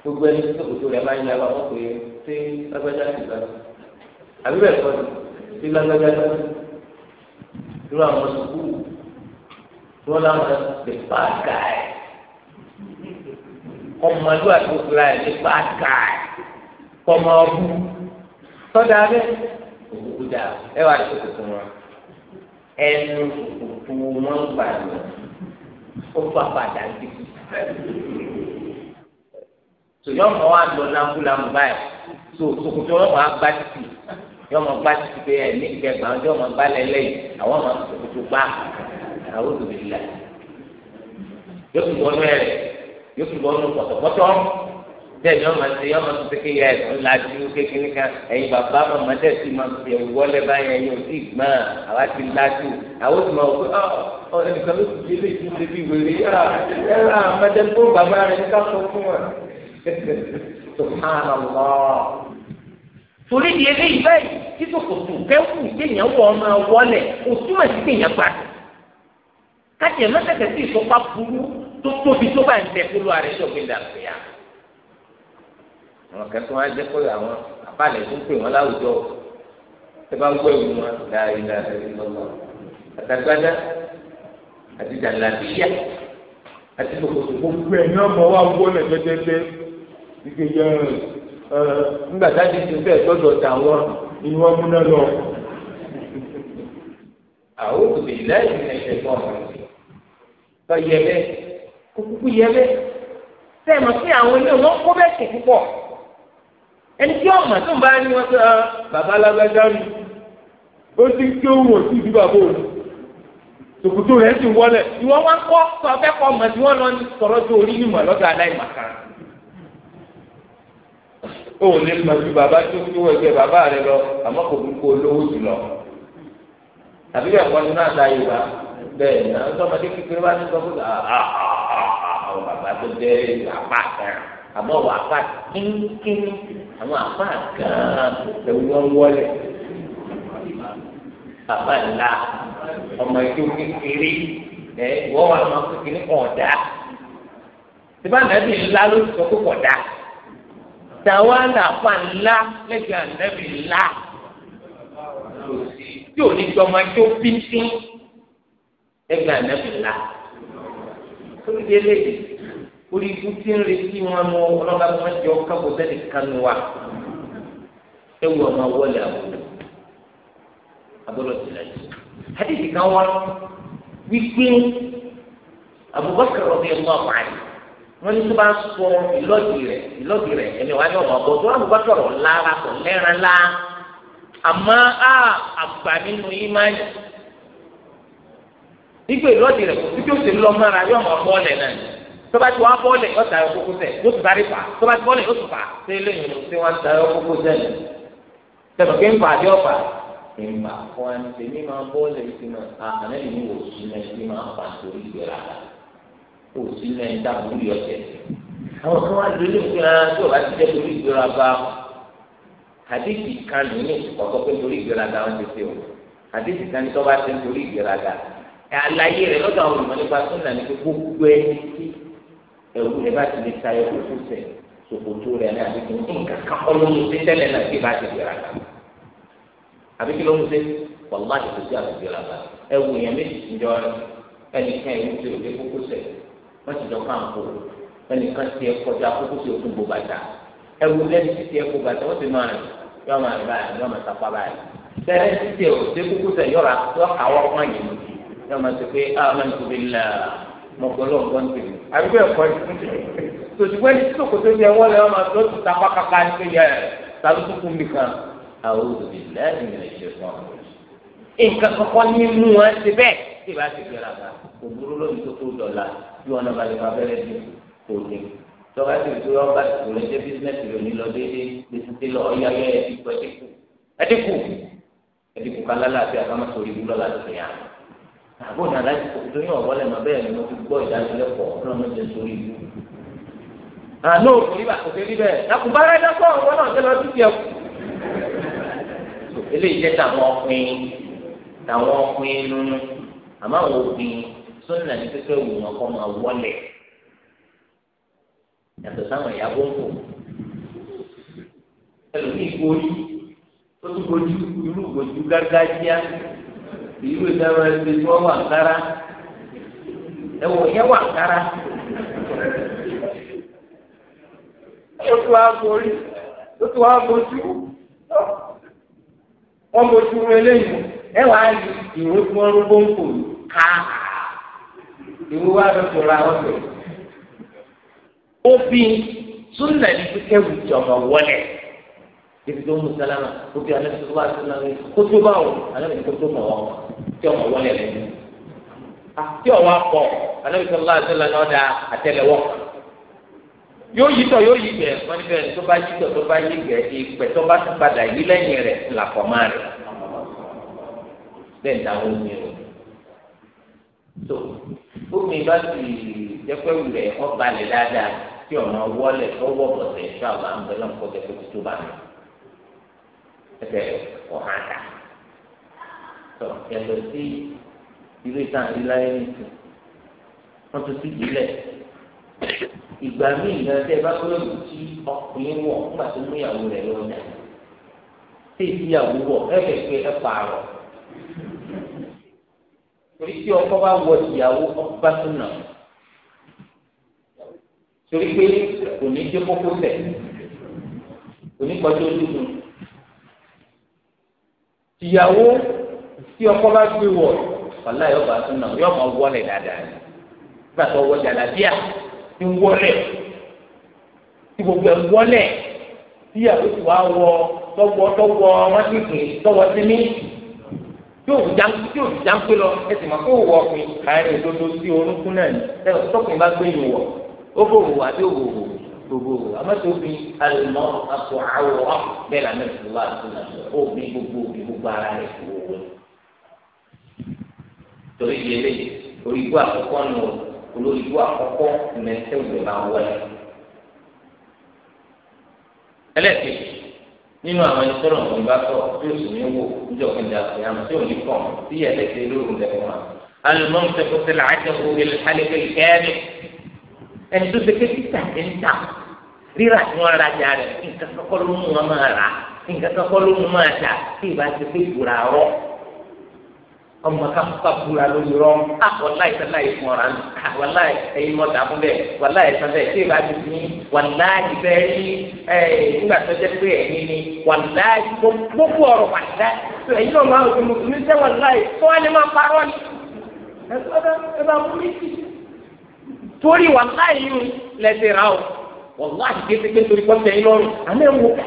gbogbo ẹni tó kòtò rẹ̀ máa ń yára wọn pé ṣé lágbájá ti gbà àbí bẹ́ẹ̀ kọ́ ṣé lágbájá ti irú àwọn sùkúù tí wọ́n láwọn ṣe pàákà ẹ̀ ọmọlúwà tó kura ẹ̀ ní pàákà ẹ̀ kọ́mọ ọbú sọ́dà bẹ́ẹ̀ òkùnkùn ẹ̀ wá ṣe kòtò wọn ẹnu òkùnkùn wọn gbà ó fà padà sí i tòyọ́ ọmọ wa lọ lámúlámú báyìí tó tòkòtò ọmọ wa gbá títì yọ ọmọ gbá títì pé ẹ ní ìgbẹ́gbà ọjọ́ ọmọ gbá lẹ́lẹ́yìn àwọn ọmọ tòkòtò gbá àwọn òdòdó ìlà yóò tún bọ́ ọ́nú ẹ̀rẹ̀ yóò tún bọ́ ọ́nú pọ̀tọ̀pọ̀tọ̀ bẹ́ẹ̀ ni ọmọ ti ọmọ ti pé yẹ ẹsùn lajú kékeré kan ẹ̀yin bàbá màmá tẹ sí ma fi wọlé báyẹn ẹ̀yin òsì gbọn àwa ti lajú àwọn ti ma wọ pé ah, ọ ẹnìkan ló ti délé ìdí ṣe bí wèrè yàrá ẹ̀rọ àmọ́tẹ́ tó bàbá rẹ̀ ká sọ fún wa. [LAUGHS] subhanallah torí di eléyìí báyìí títún kò tù kẹ́kù kéèyàn wọ ọmọ wọlé kò túmọ̀ sí kéèyàn gbà kájẹ̀ mẹ́tẹ̀ẹ̀tẹ̀ sí ìsọpá burú tó tóbi tó bá àwọn kẹtọ wọn jẹ pé àwọn abálẹ tó ń pè wọn láwùjọ ẹ bá ń gbọ́ ìwé wọn láàyè láàyè lọ́wọ́ àtàgbádá àti jàǹdàbíyà àti lòkòtò gbogbo ẹ ní ọmọ wa wọ lẹ tẹtẹtẹ ike yẹ ẹ nígbà tá a ti sèpẹ tọdọ tàwọn ni wọn múná lọ. àwọn òbí lẹ́yìn ẹsẹ fún ọmọ rẹ tọ yẹ bẹ kókó yẹ bẹ sẹẹmọ sí àwọn ilé wọn kó bẹ tẹ púpọ̀ ẹni tí ọmọ tó ń bá ní wọn sọ bàbá alágbájá mi ó ti ń kí òun òsì ìdí bàbá òun tòkòtò rẹ̀ ti wọlé ìwọ wá ń kọ́ sọ fẹ́ kọ́ ọmọ tí wọ́n lọ ní sọ̀rọ̀ tó orí nímọ̀ lọ́dọ̀ aláìmọ̀ká. òun lè mọ̀ ju bàbá tó tó ẹgbẹ́ bàbá rẹ lọ àmọ́ kò kú kó olówó jù lọ. àbí bẹ́ẹ̀ kọ́ni náà ta yorùbá bẹ́ẹ̀ ni àwọn ọmọdé kékeré bá ti sọ fún mi àwọn bàbá tó jẹ́ àpá kan àmọ́ wà á fà kínkín àwọn àfà gan-an lẹ́wọ́ wọn wọlé bàbá ńlá ọmọ ìjọ kékeré ẹ wọ́n wà máa kékeré ọ̀dà tìbá nàbì ńlá ló sọ pé ọ̀dà tàwa nàfà ńlá lẹ́gbẹ̀ẹ́ ànábì ńlá tí ò ní gbọmọ tó pínpín lẹ́gbẹ̀ẹ́ ànábì ńlá tó ń délé yìí orí ikú tí ń retí wọn mọ ọlọ́ba tí wọ́n jọ kábọ̀ bẹ́ẹ̀ nìkan ni wa ewu ọmọ wọlé àbúrò àbúrò tìlẹ̀ yìí hadithi kan wá wípé Abubakar ọ̀bẹ ẹ̀mú àpáyé wọ́n ní tó bá sọ ìlọ́dì rẹ̀ ìlọ́dì rẹ̀ ẹ̀mí wa ní ọmọ ọ̀bọ tó Abubakar ọ̀ lára kọ̀ lẹ́ran lá àmọ́ a àgbà nínú yìí máa ń yẹ. ìgbè ìlọ́dì rẹ̀ kò sí kí ó sì lọ́ mọ́ra yọ̀mọ̀ ọ̀bọ ọ̀lẹ̀ náà tọ́ba ti wá bọ́ọ̀lì yóò tayọ kókó sẹ̀ yóò tún sáré fà tọ́ba ti bọ́ọ̀lì yóò tún fà ṣé eléyìí ló ti wá tayọ kókó sẹ̀ ni tẹ̀mọ̀ kí n fà àbí ọ̀fà ìmà wọn ni tèmi máa bọ́ọ̀lì yìí ti mọ̀ àtàlẹ́yìn ni wò sí náà ti máa fà torí ìgbéra kò sí náà ń dàbò yọ tẹ̀ àwọn kan wá lórí ìgbéra tí o bá ti jẹ́ torí ìgbéra bá àdéhì kan nìyí ọ̀sọ́ pé torí ìgbéra ga wọn ti ṣe o àdéhì kan ní tọ́ba ti ń torí ìgbéra ga àlàyé rẹ̀ lọ́dọ̀ àwọn olùmọ̀ nípa súnà ní gbogbo ẹni ẹ̀wù rẹ̀ bá ti lè ta ẹ̀kú fúnṣẹ̀ ṣòkòtò rẹ̀ náà àbí kí nǹkan kan kọ́ ló ń ṣe tẹ́lẹ̀ náà bí bá ti gbéra ká àbí kí ló ń ṣe wàlúwà ti tó sí àgbéra ká ẹ̀wù yẹn méjì ti jọ ẹnìkan ẹ̀wù ti òde kókósẹ̀ wọ́n ti jọ káàpọ̀ ẹnìkan ti ẹ kọjá kókósẹ̀ òkú gbogbo àjà ẹ̀wù lẹ́ni ti ti ẹ kó bàtà wọ́n ti máa rìn yọ̀ọ́ máa rìn báyìí yọ̀ọ́ máa sapá báyìí tẹ́lẹ̀ ti ti òde kókósẹ̀ yọ̀ọ́ mọ̀gbọ́lọ́ ọ̀gbọ́n ti rí àbí bẹ́ẹ̀ kọ́ ẹ̀kú ti rí tòṣùgbọ́n ní títò kò tó di ẹwọ́ lẹ́wọ́ máa tó ti tapá kaka ní pé yẹ tàbí fún mi kan àwọn òbí lẹ́yìn rẹ̀ ṣe fún ọ. nǹkan kọ́kọ́ ní mú wọn ṣe bẹ́ẹ̀ tí ìbá ti gbéra ga òbúrú lómi tó kó dọ̀la bí wọn bá lè máa bẹ̀rẹ̀ bí kò ní. tọ́ka ti rí wọn bá ti rẹ̀ jẹ́ bísíǹnẹ́sì rẹ̀ ní lọ déédéé lẹ́sìn tí lọ ọ̀yá yẹ ẹ̀dínkù ẹ̀dínkù ẹ̀dínkù kálá láti àbámọ́sọ̀rọ̀ ìdúró láti fi hàn àbò ní aláìsí tó ní ọ̀wọ́lẹ̀ mọ́ bẹ́ẹ̀ ni mo ti gbọ́ ìdánilẹ́kọ̀ọ́ náà mo ti sórí ìlú. àná òkú rí bàtò kéré bẹ́ẹ̀ lakùn bá rẹ́dá kọ́ ọ̀wọ́ náà tẹ́lẹ̀ ọdún tiẹ̀ kù. eléyìí jẹ́ tàwọn ọkùnrin tàwọn ọkùnrin nínú àmọ́ àwọn obìnrin sọ́nà ní pípẹ́ wù wọn kọ́ máa wọlé yàtọ̀ sáwọn ìyàwó ń kù ẹlòmíì gbójú tó tún gbójú irú gbójú gágájíá ìlú ìdáwọ ẹgbẹ́ tí wọn wà kára ẹwọ yẹ wà kára ó tún wá borí ó tún wá bojú wọn bojú eléyìí ẹwà ayé ìwé tí wọn rúbọ ń ká ìwé wa lọ sọ̀rọ̀ àwọn tó òfin súnà ní kíkẹ́ ọmọ wọlé ibi tó ń mú sálámà òfin alẹ́ tó sálámà kótó tí ọmọ wọlé rẹ ní. Ah, àti ọwọ́ akọ anabi sọlá àtẹlẹ náà da àtẹ́lẹwọ́ yóò yí tọ yóò yí gbẹ wọn ní bẹ́ẹ̀ tó bá yí tọ tó bá yí gbẹ ìgbẹ tó bá ti padà yí lẹ́yìn rẹ làkọ máa rẹ bẹ́ẹ̀ dáwọ́ mi o tó omi bá ti jẹpẹ wulẹ ọba lẹ dáadáa tí ọmọ wọlé ọwọ́ bọtẹ ṣáà bá ń bẹ lọkọ jẹpẹ tó bá mi ẹsẹ ọhán ta tọ̀ yàtọ̀ sí ilé ìtàn ìláyé nìkan wọ́n tún ti ìbílẹ̀ ìgbà míì ìgbà tẹ ẹ bá kọ́ lóògùn tí ọkùnrin wọ̀ nígbà tó mú ìyàwó rẹ̀ lọ dà tí ìyàwó wọ̀ ẹ fẹ́ pé ẹ pààrọ̀ torí tí ọkọ bá wọ ìyàwó ọkọ bá nà torí pé kò ní dé kókó tẹ̀ kò ní kọjú ojúkun ìyàwó tí ọkọ bá gbé wọ wàlá yóò bá tún náà yóò máa wọlé dáadáa ni nígbà tó wọ jàlábíà ti wọlé tí gbogbo ẹ wọlé tí yàtò tí wàá wọ tọwọ tọwọ mọtìkì tọwọ símí yóò já ń pé lọ ẹ máa kó wọ ọkùnrin àárín òdodo sí orúnkún náà ni tọkùnrin bá gbé yìí wọ ó bò wò àbí òwò wò gbogbo amatobi alimọ ato awọ bẹ́ẹ̀ la mẹsùlùmá àti nàìjíríà ó gbogbo bí gbogbo ara rẹ wò torí ìdílé orí ibú àkọ́kọ́ nù olórí ibú àkọ́kọ́ mẹ́tẹ́ òwe máa wọ ẹ̀. ẹlẹ́kẹ̀ẹ́ nínú àwọn ẹni tọ́lọ̀ ní bá tọ̀ tí o sì ní wò níjọ́ kẹjà sí àmọ́ tí o ní kàn sí ẹlẹ́kẹ̀ẹ́ lóru lẹ́kọ̀ọ́ wa. alùmọ́ ń tẹ́kọ̀ sí làákẹ́ òwe lẹ́kẹ́ kẹ́ẹ́ni ẹni tó ṣe kékeré tà rírà tí wọn rajà rẹ nǹkan kọ́kọ́ ló mú wọn máa rà nǹkan kọ́kọ́ ló mú wọn máa tà tí ì ọmọ káfíńkà kúra lórí rọ ah, wàláyé ah, sáláyé fún ọ̀rá nù wàláyé ẹyin mọ dàbọ bẹ́ẹ̀ wàláyé sáláyé tí ìbá ti ní wàláyé bẹ́ẹ̀ ní ẹ nígbà tó jẹ pé ẹyin ni wàláyé gbogbo ọ̀rọ̀ wàláyé ẹyin náà máa ń mùsùlùmí sẹ wàláyé tó wà ní máa parọ́ ni ẹ bá mú mi sí torí wàláyé yìí lẹsẹ ra o wàláyé kékeré torí pọ́ńtẹ́ yìí lọ́rùn àmì ẹ̀ wò ká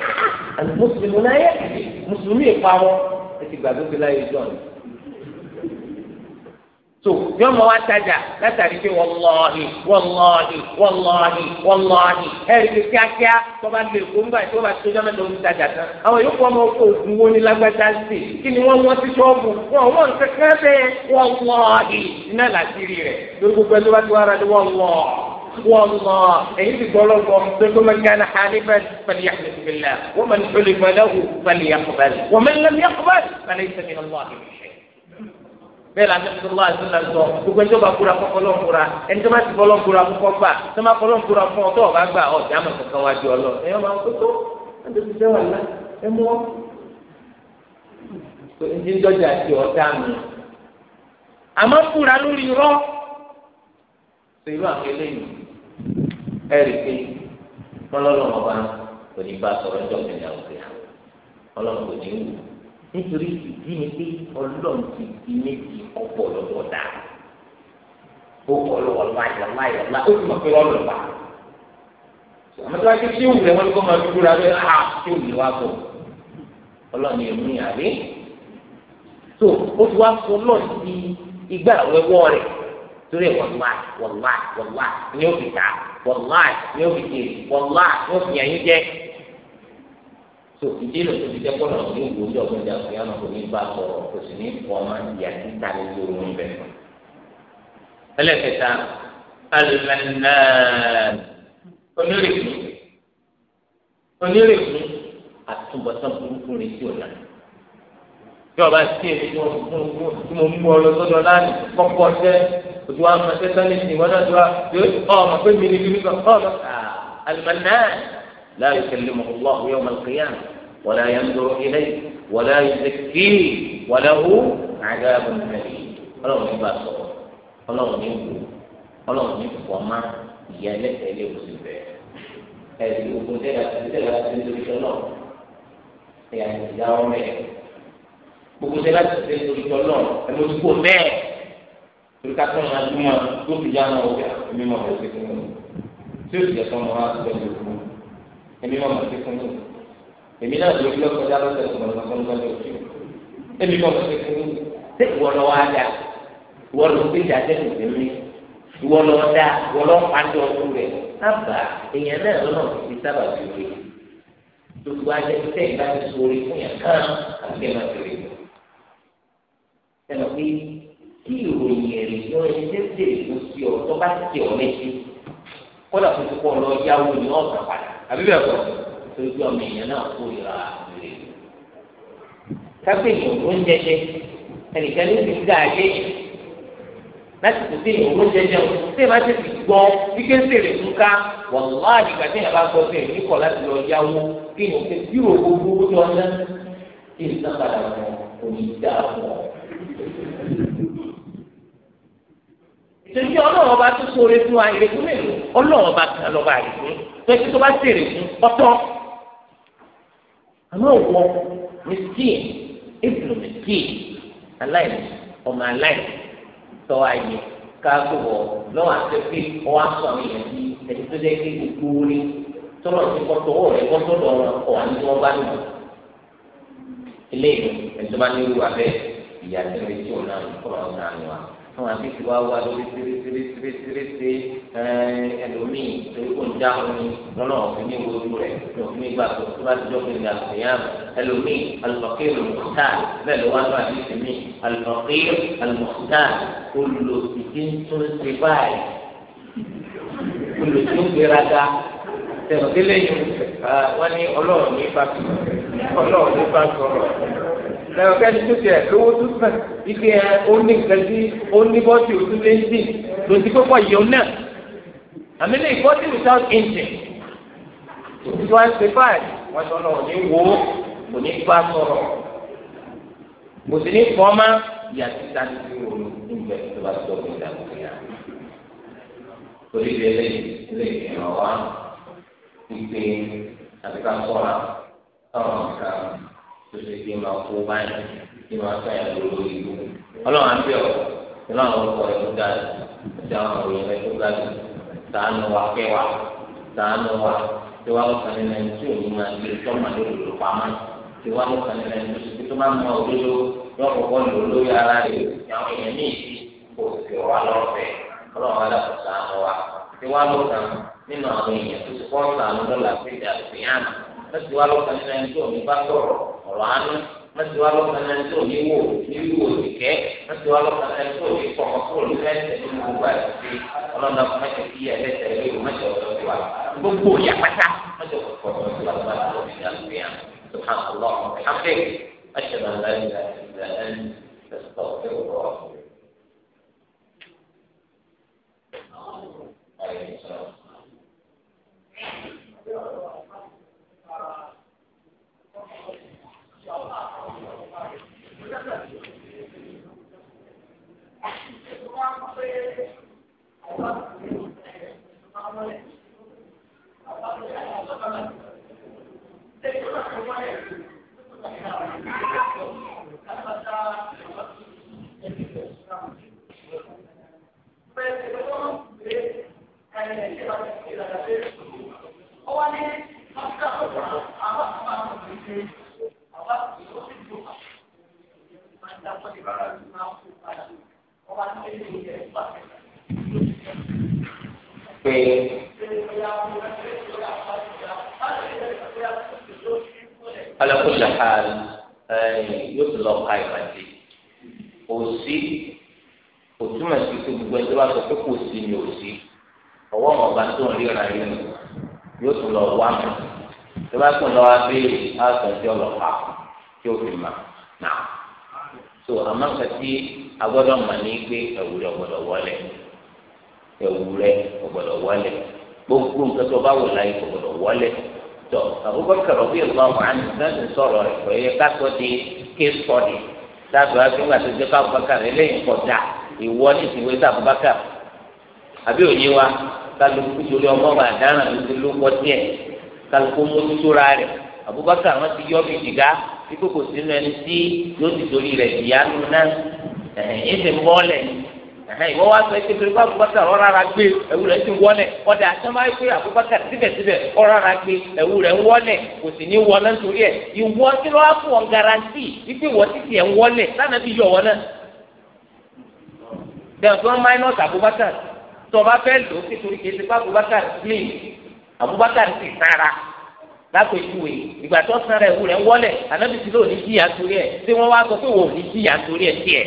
ah, mùsùlùmí náà yẹ mùsùlùmí ìparọ́ so yọọ ma wá tajà látàrí pé wọlọ́ọ̀hì wọlọ́ọ̀hì wọlọ́ọ̀hì wọlọ́ọ̀hì ẹ̀rí pé kíákíá tó bá lè kó nígbà tí wọ́n bá tójọ́ mẹ́ta ń tajà tán àwọn yóò ọmọ ọkọ̀ ògùn wo ni lágbàtà sí kí ni wọ́n wọ́n ti ṣọ́ọ̀bù wọn wọ́n ń kẹ́kẹ́ bẹ́ẹ̀ wọlọ́ọ̀hì iná làásìrì rẹ̀ lórí gbogbo ẹni tó bá ti wá ara ní wọlọ́ọ̀ والله إذ قلوب أمتكم من كان حالفا فليحلف بالله ومن حلف له فليقبل ومن لم يقبل فليس من الله بشيء bẹ́ẹ̀ la nípa sọ́lá àti sọ́lá sọ gbogbo ẹni tó bá kúra fún ọlọ́run kúra ẹni tó bá ti fọlọ́run kúra fún kọ́gbà tó bá fọlọ́run kúra fún ọtọ́ ọba gbà ọ̀dà àmọ̀ kankan wájú ọlọ́run ẹ̀yọ́ máa ń kó tó ẹni tó ti fẹ́ wà lá ẹ mú ọ́. tó ń dín dọ́jà sí ọ̀tá mi àmọ́ kúra lórí irọ́ tó irú àwọn eléyìí ẹ rí i pé wọ́n kò ní bá sọ̀rọ̀ ẹjọ́ nítorí ìdí ni pé ọlọ́run ti di méjì ọ̀pọ̀ lọ́dọ̀ dá ó kọ́ lọ́wọ́ láyọ̀ láyọ̀ láyọ̀ ó sì mọ̀ pé lọ́dọ̀ bá àmọ́ tí wọ́n ti ah, ṣé òwúrẹ́ wọn kọ́ máa dúró ra pé a ṣé òwúrẹ́ wa bọ̀ ọlọ́run yẹn mú yàrá tó ó ti wá sọ lọ́ọ̀ sí igbá àwẹ̀wọ́ rẹ̀ torí wàlláì wàlláì wàlláì ni ó fi ta wàlláì ni ó fi jèrè wàlláì ni ó fi yàn jẹ́ tó ìdí lọ síbi jẹ́ kọ́nà ní ìlú ní ọ̀gbìn ìjà òkè àmọ́ kò ní bá sọ̀rọ̀ kò sì ní fọ́ ọmọ ìyá títa ní lórí wọn bẹ̀. ẹlẹ́kẹta alùmẹ́nà onírèkú onírèkú àtúbọ̀tán burúkú rẹ̀ sí ọ̀la bí ọba sí èmi tí mo mú ọ lọ sọ́dọ̀ láàánú kọ́kọ́ sẹ́ òtún wa máa tẹ́tọ́ ní ìsìn ìwọ́n àdúrà yóò ọmọ pé mi ní bí mi kọ́ ọmọ alùmẹ́nà láàyè kẹlẹ́ mọ̀ ọ́ wọ́n yọ̀ ọmọ ìkẹyà náà. ولا ينظر إليه ولا يزكيه وله عذاب أليم الله ní الله sọ̀rọ̀ الله ní وما Ọlọ́run إليه fọmá هذه ẹlẹ́ṣẹ̀ ilé òsì bẹ ẹsì ogun tẹlẹ tẹlẹ láti nítorí tọlọ ẹyà ìyá ọmọ ẹ gbogbo tẹlẹ láti tẹlẹ nítorí tọlọ ẹmọ tó kó bẹ́ẹ̀ torí ká tọ́nà adúmọ̀ tó fi yá náà wọ́pẹ́ ẹmí mọ̀ ọ́ sí fún mi tí ó sì yẹ sọ́mọ́ á sí fún mi ẹmí mọ̀ ọ́ sí fún mi èmi náà ló fi ọkọ dáná sẹsẹ ọmọ ọmọ ọmọ ọmọ ọmọ èmi kọ́ ọmọ kékeré ní ṣé ìwọ lọ wá dá ìwọ lọ gbé jáde ní ìdílé ìwọ lọ dá ìwọ lọ pàdé ọkọ rẹ sábà èèyàn náà lọ́nà fi sábà fi rí gbogbo ajé tẹ ìgbà tí sori fún yàn kán àti ẹ̀ma fi rí ẹnu pé kí ìròyìn ẹ̀rí yọ ẹni tẹ́tẹ́ ìlú sí ọ tó bá ti tẹ̀ ọ létí kọ́dà tó ti kọ́ ọ lọ yáwó ni ọ̀ tó gbé ọmọ èèyàn náà kó ìra rẹ̀. kápẹ́ẹ̀nì òun jẹjẹ ẹnìkan ní ti gbà dé láti tó sí òun jẹjẹ o tí èèyàn ti fi gbọ́ wípé sèrè ń ká wàhálà ìgbà tí èèyàn bá gbọ́ sèrè níkọ̀ láti lọ yáwó kí èèyàn ti bírò gbogbo ó lọ ná kí èèyàn náà padà mọ òní dá mọ́. tẹ̀sí ọlọ́run ọba tó sóore fún wa ìrètí mélòó ọlọ́run ọba kan lọ́ba àìsí pé tó bá sèrè fún ọtọ́ àmọ́ wọ miskin ibùdó miskin aláìní ọmọ aláìní tọ́ ayé káàkó wọ lọ́wọ́ àti pé ọwọ́ aṣọ àwọn èèyàn bíi ẹni tó dẹ́ kí gbogbo orí tọ́lọ̀ ti kọ́ tọwọ́ rẹ̀ kọ́ tọ́lọ̀ wọn kọ́ wà ní wọ́n bá nù. eléyìí ẹ̀dọ́ bá ní irú abẹ́ ìyá tẹ̀lé tí òun náà ń kọ́ ọ̀rọ̀ náà ni wa àwọn àdìsí wa wá lórí tiri tiri tiri tiri ti ẹlòmíì torí kò ń já omi lọ́nà òfin ní ìwòrú rẹ̀ ní òfin ìgbà tó tó bá ti jọ́ pé ní àlùfẹ́yàmù ẹlòmíì alùpàkẹ́ lòmùtà bẹ́ẹ̀ ló wá lọ àdìsí mi alùpàkẹ́ alùmùtà olùlòsìkí tó ń ti báyìí olùsí ń gbéraga tẹ̀wọ́n délé yìí wọ́n ní ọlọ́run ní sọ̀rọ̀ lẹ́yìn ọ̀kẹ́ tó tiẹ̀ lówó tó fẹ̀ ike ẹ oní kẹ́sí oní bọ́ọ̀tì òtún lé ní lòdì pípọ̀ yìí náà àmì lè bọ́ọ̀tì without engine òtún wá ń ṣe báyìí wọ́n sọ náà òní wo òní bá sọ̀rọ̀ kò sí ní fọ́ọ́mà yàtí sáni tí o ní ìgbẹ́ tó bá sọ fún ìdàgbò yà torí lè lè lè ìrànwá ìgbé àti ká sọ̀rọ̀ àwọn kan tó ṣe kí máa kó báyìí kí máa sọ̀yà lórí ìlú ọlọ́run àti ọ̀ ìlú àwọn ọkọ̀ ẹ̀ tó ga jù àti àwọn òyìnbó tó ga jù sàánù wa kẹwàá sàánù wa tí wàá lọ́kàn nínú ẹni tí òun máa lè tọ́ màá lè lò pamọ́ tí wàá lọ́kàn nínú ẹni tó ṣe kí tó máa mọ òdodo lọ́kọ̀ọ́kọ́ lò lórí ara rẹ̀ àwọn èèyàn ní ìdí kò sì wà lọ́fẹ̀ẹ́ ọlọ́run aláàbò ọ̀rọ̀ àánú mẹsì wà lọ́kàn náà tó ní wò ní wò ní kẹ́ mẹsì wà lọ́kàn náà tó ní kọ́ ọkọ̀ ní ẹsẹ̀ ní gbogbo àti ọlọ́dà kọ́ mẹsì kí ẹlẹ́sẹ̀ ní ìlú mẹsì ọ̀dọ̀ ti wà gbogbo ìyá pátá mẹsì ọ̀dọ̀ ti wà lọ́kàn náà tó ní pé alákòlá ha yóò tún lọ ka ìpàdé kò sí kò túmọ̀ sí pé gbogbo ẹjọ́ bá sọ pé kò sí ni ò sí ọwọ́ ọ̀gá tó ń ríra yìí nù yóò tún lọ wá mi tó bá kún lọ́wọ́ abéèrè á sọ ẹjọ́ tí ó fi mà náà tó àmọ́ nǹkan tí a gbọ́dọ̀ mọ̀ ní pé ẹ̀wù rẹ̀ ọ̀gbọ́dọ̀ wọlé ẹ̀wù rẹ̀ ọ̀gbọ́dọ̀ wọlé gbogbo nǹkan tó bá wò láyé ọ̀gbọ́dọ̀ wọlé tó Abubakar rọ̀bí ìlú àwọn àmì láti sọ̀rọ̀ rẹ̀ pé ẹ kákọ́ di case study dábàá bí wọ́n àti jẹ́ ká Abubakar eléyìí kọ̀ dà ìwọ ní ìsìnwé sí Abubakar àbí òye wa kálukú torí ọmọ wa dáná ló ti lókọ tiẹ̀ kálukú mójútó ra rẹ̀ Abubakar wọn ti yọ bí jìgá ikú kò sí nínú ẹni tí yóò ti torí rẹ̀ ìyá nínú náà ẹ̀hìn ẹ̀sìn bọ́ọ̀lẹ̀ ìwọ wá sọ pé torí Abubakar rárá gbé ẹ̀wù rẹ̀ ti wọlẹ̀ ọ̀dà àtọ́mọ́ ayé pé Abubakar síbẹ̀síbẹ̀ rárá gbé ẹ̀wù rẹ̀ ń wọlẹ̀ kò sì ní wọlé nítorí ẹ̀ ìwọ tí wọ́n á fún ọ garanti wípé ìwọ títí ẹ̀ ń wọlẹ̀ lánàá bí yọ̀ wọ́n náà. bẹ́ẹ̀ tí wọ́n minus Abubakar tọ́ba fẹ́ lò ó pé torí kìí ṣe pé Abubakar clean Abubakar sì sára lápẹjúwe ìgbà tó sanra ẹwù rẹ wọlé anabi ti lóò ní jìyà torí ẹ tí wọn wá sọ pé wọn ò ní jìyà torí ẹ tiẹ.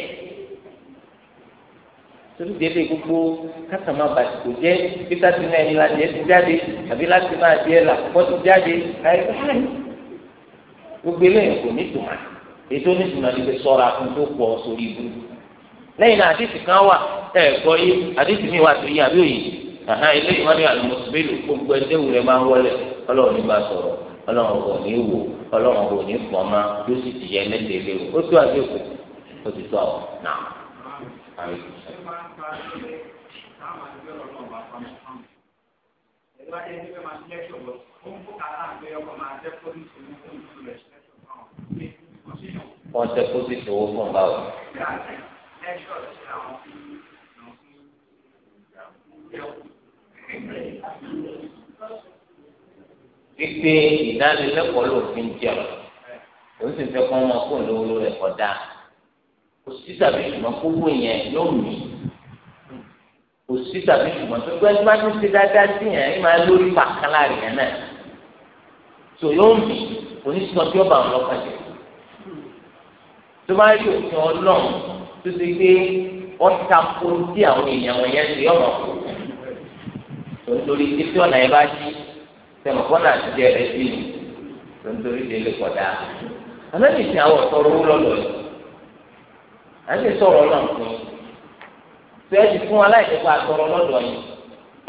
torí délé gbogbo káta máa bàtì kò jẹ peter ti náà ẹni láti ẹ ti jáde àbí láti máa di ẹ là wọn ti jáde àìsí gbogbo eléyìí kò ní tòmá ètò oníṣùnà ni pé sọra fún tó pọ̀ sórí ibú lẹ́yìn náà àdìsí kan wà ẹ gbọ́ yìí àdìsí mi wà tó yìí àbí òyìnbó àhán ilé ìwọ́n ní àlùmọ́sibílù gbogbo ẹgbẹ́ wù rẹ̀ máa ń wọlé ọlọ́run ní bá sọ̀rọ̀ ọlọ́run kò ní wò ọlọ́run kò ní fọ́ ma yóò sì ti yẹ ẹlẹ́dẹ̀ẹ́ léwu ó tó àti òkú ó ti tó àwọn náà. wọ́n tẹ kó sì tòwó fún báwo. Thank you wípé ìdánilẹ́kọ̀ọ́ ló fi ń jẹun ló sì fẹ́ kọ́ ọmọ kó lówó lórí ẹ̀kọ́ dá kò sí tàbí ṣùgbọ́n gbogbo yẹn yóò mí kò sí tàbí ṣùgbọ́n tó gbẹ́ tó bá tún ṣe dáadáa sí yẹn ẹ máa lórí pàkálà rẹ̀ yẹn náà tó yóò mí oníṣẹ́ ọtí ọba àwọn ọlọ́kàn jẹ tó bá rí òfin ọlọ́run tó ṣe pé ọ̀tá kó àwọn èèyàn wọ̀nyẹn ṣe ọ̀rọ̀ kò nítorí títí ọ̀nà yẹn bá ṣí sẹ́wọ̀n kọ́nà àtijọ́ rẹ̀ sí ni nítorí délé kọ̀dá àlẹ́ ìsìn àwọn ọ̀tọ́rọ̀ owó lọ́lọ́ yìí àti sọ̀rọ̀ ọlọ́run fún yín tí ẹ ti fún wa láì àtọ̀rọ̀ lọ́dọ̀ yìí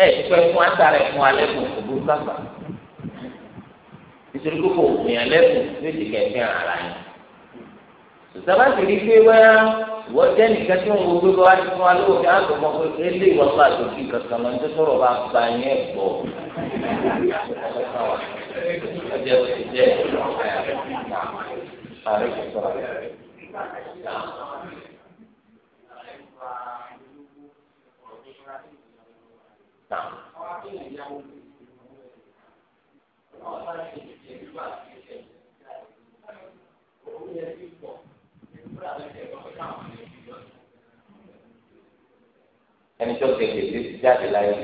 ẹ ti fẹ́ fún àtàrà fún alẹ́ fún òbúrú kápá ìṣòro kókò òkùnrin alẹ́ ara ìsàbá sì rí pé wẹ́ẹ́ wọ́n jẹ́ nìkan tí wọ́n wo gbé wá sí fún alówó kí á tó mọ̀ pé ilé ìwà bá àtòkì kankan lọ nítorí sọ̀rọ̀ bá gba yẹn gbọ́. ọjọ́ ìwé ti jẹ́ ààrẹ kò sọ̀rọ̀ rẹ̀. Thank you ẹni tó kéde tí ti jáde láyé.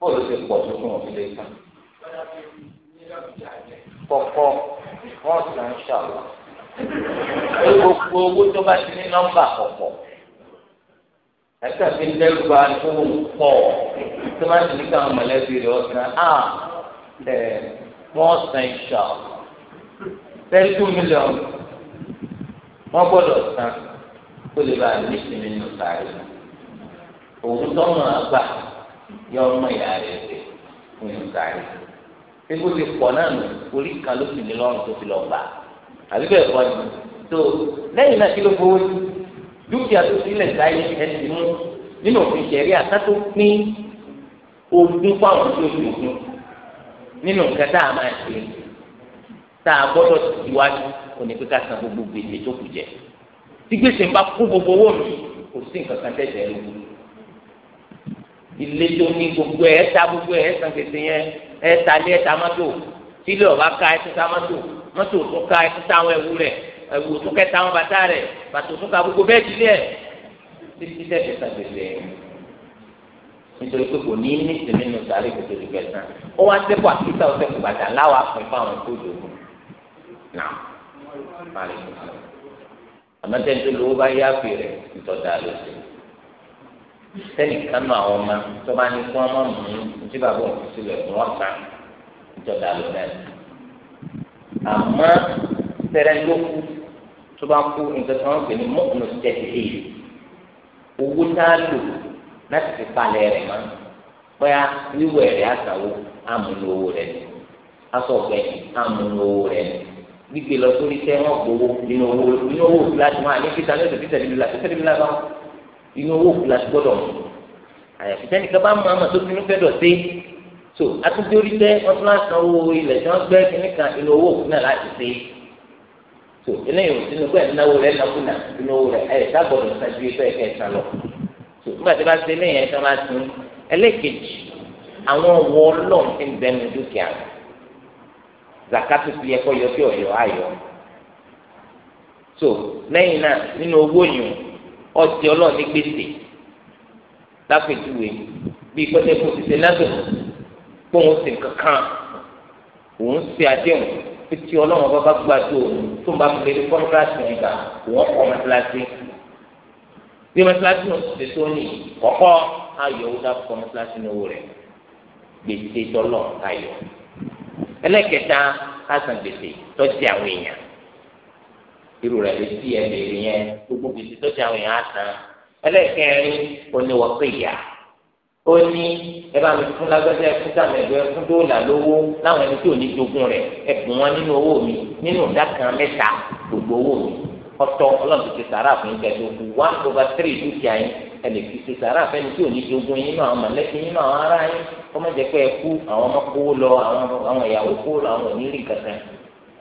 bóòlù ti pọ̀ tó fún òfin lè tán. kọ̀kọ́ wọ́n sàn ń ṣàlọ́. gbogbo owó tó bá ti ní nọ́mbà kọ̀kọ́ ẹ̀ka fi ń dẹ́rù bá tó ń pọ̀ tó máa ń tẹ̀lé káwọn mọ̀lẹ́bí rẹ̀ ọ̀sán á ẹ̀ wọ́n san ìṣọ̀ ten two million wọ́n gbọ́dọ̀ san kó lè bá a ní ìsinmi nínú sáré òun tọ́mọ̀ àgbà yọ ọmọ ìyá rẹ̀ ṣe fún ìlú sáré egbò ti pọ̀ náà nù orí kan ló sì ní lọ́rùn tó fi lọ gbà àbí bẹ́ẹ̀ kọ́ ni tó lẹ́yìn náà kí ló gbowó sí dúkìá tó sílẹ̀ láyé ẹsìn mú nínú òfin ṣẹ̀rí àtàtó pín ogún fáwọn tó ti ogún nínú nǹkan tá a máa ṣe tá a gbọ́dọ̀ síwájú kò ní pé ká san gbogbo gbèsè tó kù jẹ tí gbèsè ń bá kó gbogbo owó mi kò sí nǹkan kan tẹ̀sẹ̀ lógún ilé tó ní gbogbo ẹ̀ ta gbogbo ẹ̀ san gbèsè yẹn ẹ̀ ta lé ẹ̀ ta mọ́tò sílẹ̀ ọ̀bá ká ẹ̀ tó ta mọ́tò mọ́tò tó ká ẹ̀ tó ta àwọn ẹ̀wú rẹ̀ ẹwù tún kẹta àwọn bàtà rẹ bàtò tún ka gbogbo bẹ́ẹ̀ ti lẹ títí tẹsẹ sàgbèsè nítorí pé kò ní ní ìsinmi nù sàrí kòtò ìgbẹ sàn ó wá sẹpọ àkísà ó sẹpọ bàtà láwa pín fáwọn tó dògùn náà parí nìkan àmọ́ tẹnitó lówó bá yá fi rẹ ìtọ́jà ló ṣe sẹnìkan nù àwọn ọmọ tó bá ní kí wọn mọ mú un tí bàbá òun sílẹ̀ fún wọn sàn ló náà àmọ́ tẹrẹ ló kú tó bá kú nǹkan tí wọ́n pè ní mọ́kùnù tẹ̀sí èyí owó tá a lò láti fi palẹ̀ rẹ̀ mọ́ bóyá wíwẹ̀ rẹ̀ àtàwọ̀ amúlówó rẹ̀ ni aṣọ ọ̀gbẹ́ amúlówó rẹ̀ ni gbígbé lọ sórí tẹ́ wọ́n gbowó nínú owó nínú owó fúláṣí máa ní kíta ní ọ̀sẹ̀ tẹ̀lébílà tẹ̀lébílà bá inú owó fúláṣí gbọ́dọ̀ mú àyàfi sẹ́nìkan bá mú àmọ́ tó fi inú fẹ́ dọ̀ sí so atúndórí tẹ́ wọ́n fúláṣí owó ilẹ̀ tí wọ́n gbẹ́ kíníkan inú owó fúláṣí láti sí tó eléyìí ò sínú pé ẹnáwó rẹ nàkúnà ìnáwó rẹ ẹ sábọdọ sájú ẹgbẹ ẹkẹta lọ tó nígbà tí bá ṣe eléyìí ẹsẹ máa sin ẹlẹ́kejì àwọn ọwọ Ọlọ́run ti ń bẹnu dúkìá rẹ zakatu ti yẹ kọ yọ sí ọyọ ayọ tó lẹ́yìn náà nínú owó yìí ọtí Ọlọ́run ní gbèsè lápẹjúwe bíi pẹtẹkùn ti ṣe lábẹ kóun sì kankan òun ṣe àdéhùn pété ọlọ́run bá bá gbàdó tó ń bá fi lé kọ́ńtrásì yẹn gbà wọ́n kọ́ mọ́tíláṣí bí mọ́tíláṣí náà ti tó ní kọ́kọ́ ayọ̀ ó dáa kọ́ mọ́tíláṣí náà wò rẹ̀ gbèsè tọ́lọ̀ ayọ̀ ẹlẹ́kẹta kásán gbèsè tọ́jú àwọn èèyàn irú rẹ̀ lè ti ẹ̀ lè yẹn gbogbo gbèsè tọ́jú àwọn èèyàn á san ẹlẹ́kẹrin oníwọ̀pẹ̀yà ó ní ẹ bá mi fún lágbẹ́sẹ̀ ẹ fún sàmẹ̀dọ́ ẹ fún dóòlà lówó láwọn ẹni tí ò ní jogún rẹ̀ ẹ bùn wọn nínú owó mi nínú mẹ́ta gbogbo owó mi ọ̀tọ̀ ọlọ́run ti ṣe sàrà fún ìgbà tó one over three dúkìá yín ẹ lè fi sàrà fẹ́ni tí ò ní yín àwọn àwọn ará yín ẹ kú àwọn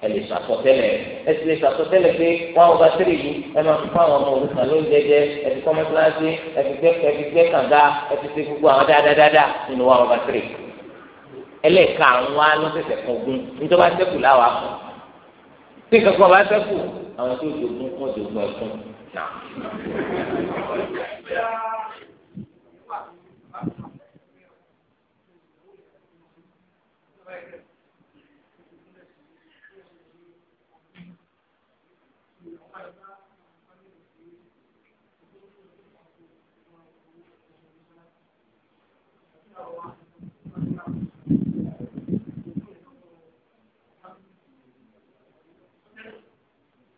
ẹ lè ṣàsọtẹ́lẹ̀ ẹ sì lè ṣàsọtẹ́lẹ̀ pé wọn ọba tẹlẹ yìí ẹ máa fi fún àwọn ọmọ òrukàn ló ń jẹjẹ ẹ fi kọ́ mẹ́tíláṣí ẹ fi gbẹ́ ẹ fi gbẹ́ kànga ẹ fi ṣe gbogbo àwọn dáadáa nínú wọn ọba tẹlẹ ẹlẹ́ẹ̀ka àwọn wa ló ṣẹ̀ṣẹ̀ kọ ogun nítorí wọn ṣẹ́kù láwa fún tí kankan bá ṣẹ́kù àwọn tó jogun wọn jogun ẹ̀kún náà.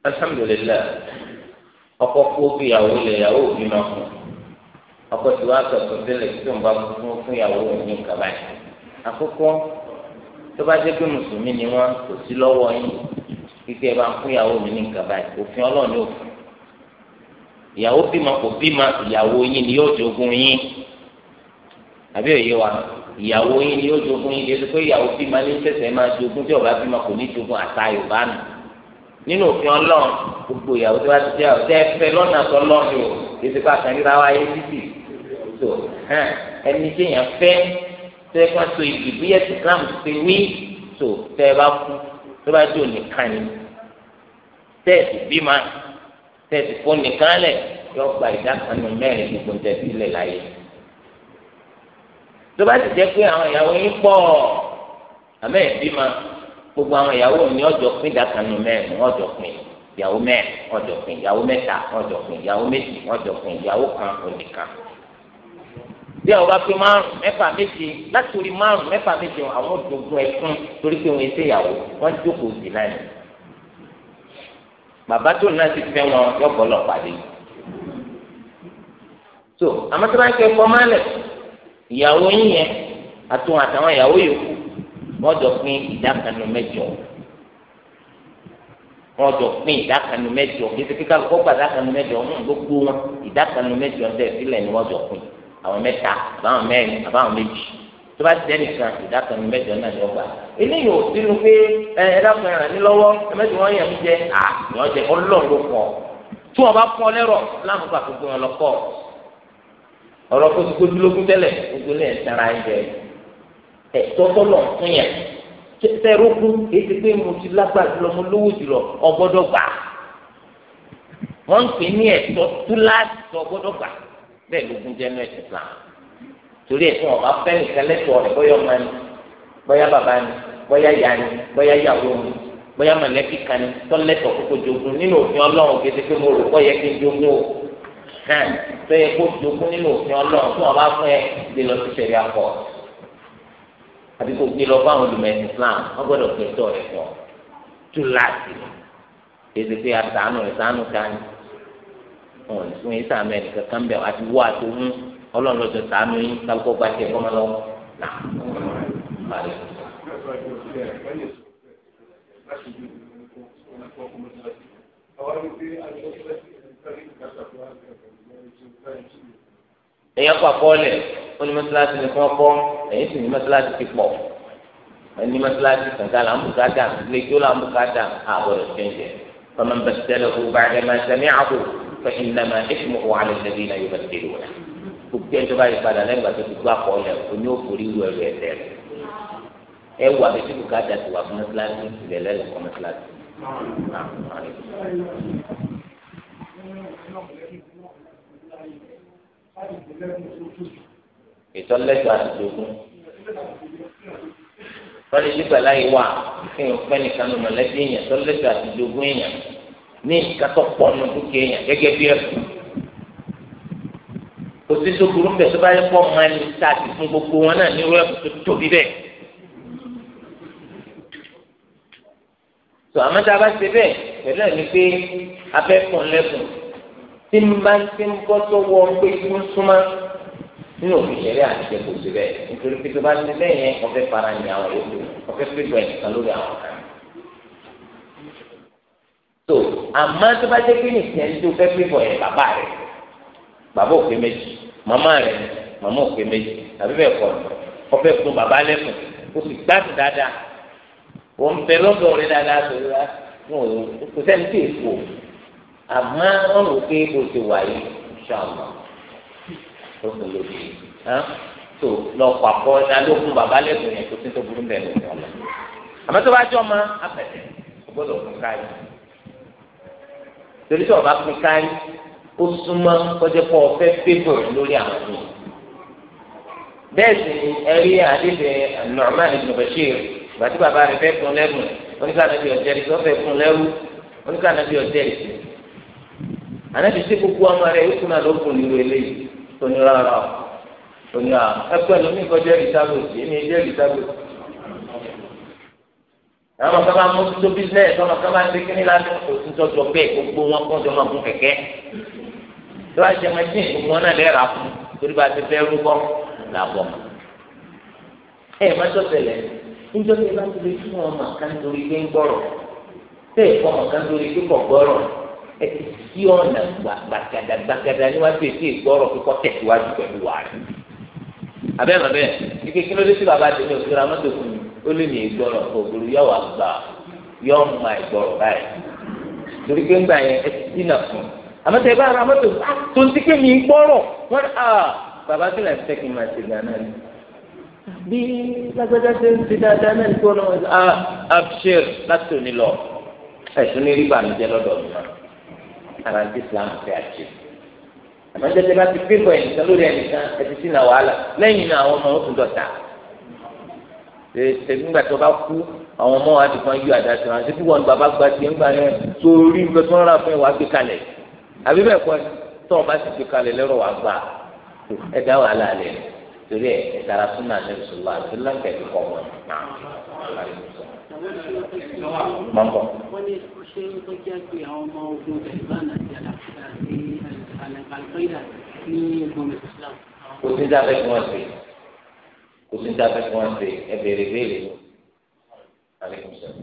alhamdulilayi ọkọ kó bí ìyàwó lè ìyàwó òbí máa fún ọkọ tí wàá sọtún sílẹ̀ tí òun bá fún fún ìyàwó òun ní kaba yìí àkọ́kọ́ tó bá jẹ́ pé mùsùlùmí ni wọ́n kò sí lọ́wọ́ yín kíkẹ́ bá fún ìyàwó mi àbí òye wa ìyàwó yín ni ó jogún yín yẹtù pé ìyàwó bí máa ní sẹsẹ máa jogún tí ọba bí máa kò ní jogún àtà yorùbá nù nínú òfin Ọlọ́run gbogbo ìyàwó tí wọn ti jẹ ọtẹ ẹfẹ lọnà tó lọrùn o yẹtù pé àkànníra wa yé títì tó ẹni tí èèyàn fẹ́ tẹ ẹ kàn so ìdìbò yẹ ti Islam ti wí tó tẹ ẹ bá kú tó bá jò nìkan ni tẹ ẹ ti bí máa tẹ ti fọ nìkan lẹ yọ gba ìdá kan nù mẹ́rin gbogbo ń tẹ sílẹ̀ láyé tó bá sì jẹ́ pé àwọn ìyàwó yín pọ̀ àmọ́ ẹ̀bí ma gbogbo àwọn ìyàwó ní ọjọ́ pín ìdákanu mẹ́rin ọjọ́ pín ìyàwó mẹ́rin ọjọ́ pín ìyàwó mẹ́ta ọjọ́ pín ìyàwó méjì ọjọ́ pín ìyàwó kan onìkan bí àwọn bá pín márùn mẹ́fà méje láti orí márùn mẹ́fà méje àwọn òdòdó ẹkún torí pé wọn ṣe ìyàwó wọn jókòó sí náà ni bàbá tó náà ti fẹ́ wọn yọ̀bọ̀ lọ́pàá dé so àmọ́ tí wọ́n á kẹ́ fọ́ máa lẹ̀ ìyàwó yín yẹn àtúwọn àtàwọn ìyàwó yòókù wọn jọ pín ìdá kanu mẹ́jọ wọn jọ pín ìdá kanu mẹ́jọ kété kíkà kó gba ìdá kanu mẹ́jọ ọmọ gbogbo wọn ìdá kanu mẹ́jọ ń bẹ sílẹ̀ ni wọn jọ pín àwọn mẹ́ta àbáwọn mẹ́rin àbáwọn méjì tó bá tẹ nìkan ìdákan ní mẹ́jọ náà ni ó gbà eléyìí ò sínú pé ẹ ẹ dákun ẹràn ní lọ́wọ́ ẹmẹjọ wọn yàn mí jẹ à yàn jẹ Ọlọ́run ló kọ tí wọn bá kọ lẹrọ láàmú gbà gbogbo wọn lọ kọ ọ̀rọ̀ kó ti kójú lógún tẹ́lẹ̀ gbogbo ilé ẹ̀ tara ẹ̀ jẹ ẹ̀ tọ́tọ́ lọ fún yẹn sẹ́rọ́kún ètò pé mo ti lágbàá jùlọ mo lówó jùlọ ọgbọ́dọ̀ gbà wọ́n ń pè ní ẹ̀tọ́ túláàsì ọgbọ́dọ̀ gbà bẹ́ẹ̀ lógún jẹ́ nọ́ọ̀sì Islam torí ẹ̀sìn ọ̀bá fẹ́ẹ̀nì kẹlẹ́tọ̀ rẹ̀ bọ́yá ọmọ ni bọ́yá bàbá ni bọ́yá ìyá ni bọ́yá ìyàwó ni bọ́yá mọ̀lẹ́bí kan ni tọ́lẹ́tọ̀ kókó jogun nínú òfin Ọlọ́run kété pé mo rò kọ́ yẹ kí n jogun o hàn tó yẹ kó dogun nínú òfin ọlọ́run tó wọn bá fún ẹ gbé lọ sí sẹ̀rí akọ àbí kò gbé lọ bá àwọn olùmẹ̀sìn Islam wọn gbọ́dọ̀ pé tọ́ rẹ̀ pọ̀ tú láti èdè pé àtàánù rẹ̀ sànù kání wọn ní fún isa mẹ́rin kankan bẹ̀ àti wọ́ àti mú ọlọ́run lọ́jọ́ sànù yín kálukó gba tiẹ̀ kọ́ máa lọ nà parí. Thank you èèyàn kọ àkọọ́lẹ̀ ó ní mọ́sálásí ni wọ́n kọ́ èyí sì ní mọ́sálásí ti pọ̀ ẹni mọ́sálásí kàńtà là ń bùkátà lè tó là ń bùkátà àbọ̀rọ̀ ṣẹ́ńjẹ̀ fọmọ bẹ̀sẹ̀lẹ̀ kó bàjẹ́ máa sẹ́mi àbò fẹ́ ìnàmà ẹ̀sìn òwò alẹ́ nàbí náà yóò bẹ̀ tẹ̀lé wọn. gbogbo ẹni tó bá yí padà lẹ́yìn àti gbogbo àkọọ́lẹ̀ oní òfòrí wù ẹ̀rù ẹ̀sẹ̀ rẹ̀ ẹ wà bí tí bùkátà ti wà fún mọ́sálásí ìtọ́lẹ́gbẹ̀ àtìjogún wọ́n lè nígbà láyé wà fún ìpẹ́ nìkan ní mọ̀lẹ́bí èèyàn tọ́lẹ́gbẹ̀ àtìjogún èèyàn ní nǹkan tó pọ̀ nù dúkìá èèyàn gẹ́gẹ́ bí ẹ̀kú kò sí tó burú bẹ̀ tó bá yẹ kó máa ní ta àti fún gbogbo wọn náà nírú ẹ̀kú tó tóbi bẹ́ẹ̀. tó àmọ́ tá a bá ṣe bẹ́ẹ̀ pẹ̀lú ẹ̀ ní pé abẹ́kùn lẹ́kùn tí n bá ń tí ń bọ́ sọ́wọ́ pé kí n súnmọ́ nínú òfin ìṣẹ̀lẹ̀ àtijọ́ kò sí bẹ́ẹ̀ nítorí pé tó bá ti bẹ́ẹ̀ yẹn ọ̀fẹ́ fara ní àwọn yòókù ọ̀fẹ́ pẹ̀lú ẹ̀nìkan lórí àwọn kan. tó àmọ́ tó bá jẹ́ pé nìkan tó fẹ́ pẹ̀lú ẹ̀ bàbá rẹ̀ bàbá òfin méjì màmá rẹ̀ màmá òfin méjì àbí bẹ́ẹ̀ kọ́ ọ̀fẹ́ fún bàbá lẹ́kùn ó sì gbádùn dáadáa òun bẹ lọ́dọ̀ rẹ̀ dáadáa àmọ́ wọn rò pé o ti wà yìí ṣàmà o sì lè di tó lọ pàpọ̀ alókun bàbá lẹ́kùn yẹn tó ti tó burú bẹ́ẹ̀ lọ́wọ́ ọ̀la àmọ́ tó bá jọ ma apẹ̀tẹ̀ o gbọ́dọ̀ fún káyọ̀ torí tí ọba fún káyọ̀ ó súnmọ́ kọjá pọ̀ fẹ́ pépè lórí àwọn ọ̀dọ́ bẹ́ẹ̀ sì ni ẹ̀rí àdébẹ̀ Nu'man ibn Bashir gbàtí bàbá rẹ̀ fẹ́ fún lẹ́rù oníkànnàbí ọ̀jẹ̀rì tó fẹ́ fún lẹ́rù oníkànnàbí ọ̀jẹ̀rì sí ànábi tí gbogbo ọmọ rẹ yóò kúnà lókun nílò eléyìí tó ní rárá o tó ní rárá ẹgbẹ́ lómi kọ́ jẹ́rìí sábòsì èmi jẹ́rìí sábòsì. àwọn kan bá mójútó bísíǹnẹ̀sì ọmọ kan bá ń dékè ní lásìkò tó ń tọ́jú ọbẹ̀ gbogbo wọn kọ́ jọ máa gún kẹ̀kẹ́ tó bá jẹ mẹ́tìn gbogbo náà lẹ́ra fún torí bá ti fẹ́ rúbọ́ làbọ̀ mọ́. ẹ má tọ́sẹ̀lẹ̀ níjọ́ tí ẹ bá ti lè fún ọmọ kan torí gbé ń gbọ́rọ̀ tẹ́ ẹ̀kọ́ ọmọ kan torí gbé kọ̀ gbọ́rọ̀ ẹ ti sí ọ̀nà gbàgàdà gbàgàdà níwájú ètí ìgbọ́rọ̀ kíkọ́ tẹ̀síwájú pẹ̀lú wa rẹ̀ abẹ́ mọ̀ bẹ́ẹ̀ ike kí ló dé sí bàbá tèmi òkúta ra mọ́tò fún mi ó lè ní ìgbọ́rọ̀ ògbòrò yọ wà gbà yọ ma ìgbọ́rọ̀ báyìí torí pé ńgbà yẹn ẹ ti dínà fún àmọ́tẹ́ bá ra mọ́tò tó ń ti pé mi gbọ́rọ̀ wọ́n bàbá tí lẹ́yìn tẹ́kì máa ṣe gánà ni bí lágbájá ń ṣe dáadáa náà ní kó náà ara ti islam fẹ́ àti àmọ́jọ́tẹ́ bá ti pépọ̀ ẹnìkan lórí ẹnìkan ẹtì sínú wàhálà lẹ́yìn náà àwọn ọmọ òkun dọ̀tà ṣe nígbà tó bá kú àwọn ọmọ wa ti fọ́n yí àdá sí wọn ṣé kí wọn bàbá gba tiẹ̀ ń gbà yẹn sórí nǹkan tó ń rà fún ẹ wàá gbé kalẹ̀ àbí bẹ́ẹ̀ kọ́ tó o bá sì gbé kalẹ̀ lẹ́rọ̀ wàá gbà ẹ dá wàhálà rẹ̀ torí ẹ̀ ẹ̀ tara súnà ní ìṣòro àti láǹkẹ̀ẹ́ منطق والشيء يتوجه فيها وما وجود عبانة في القيلة ní ìgbòmí Islam. kò sí dábẹ́ kí wọ́n ṣe kò sí dábẹ́ kí wọ́n ṣe ẹ béèrè béèrè ní alaikum salaam.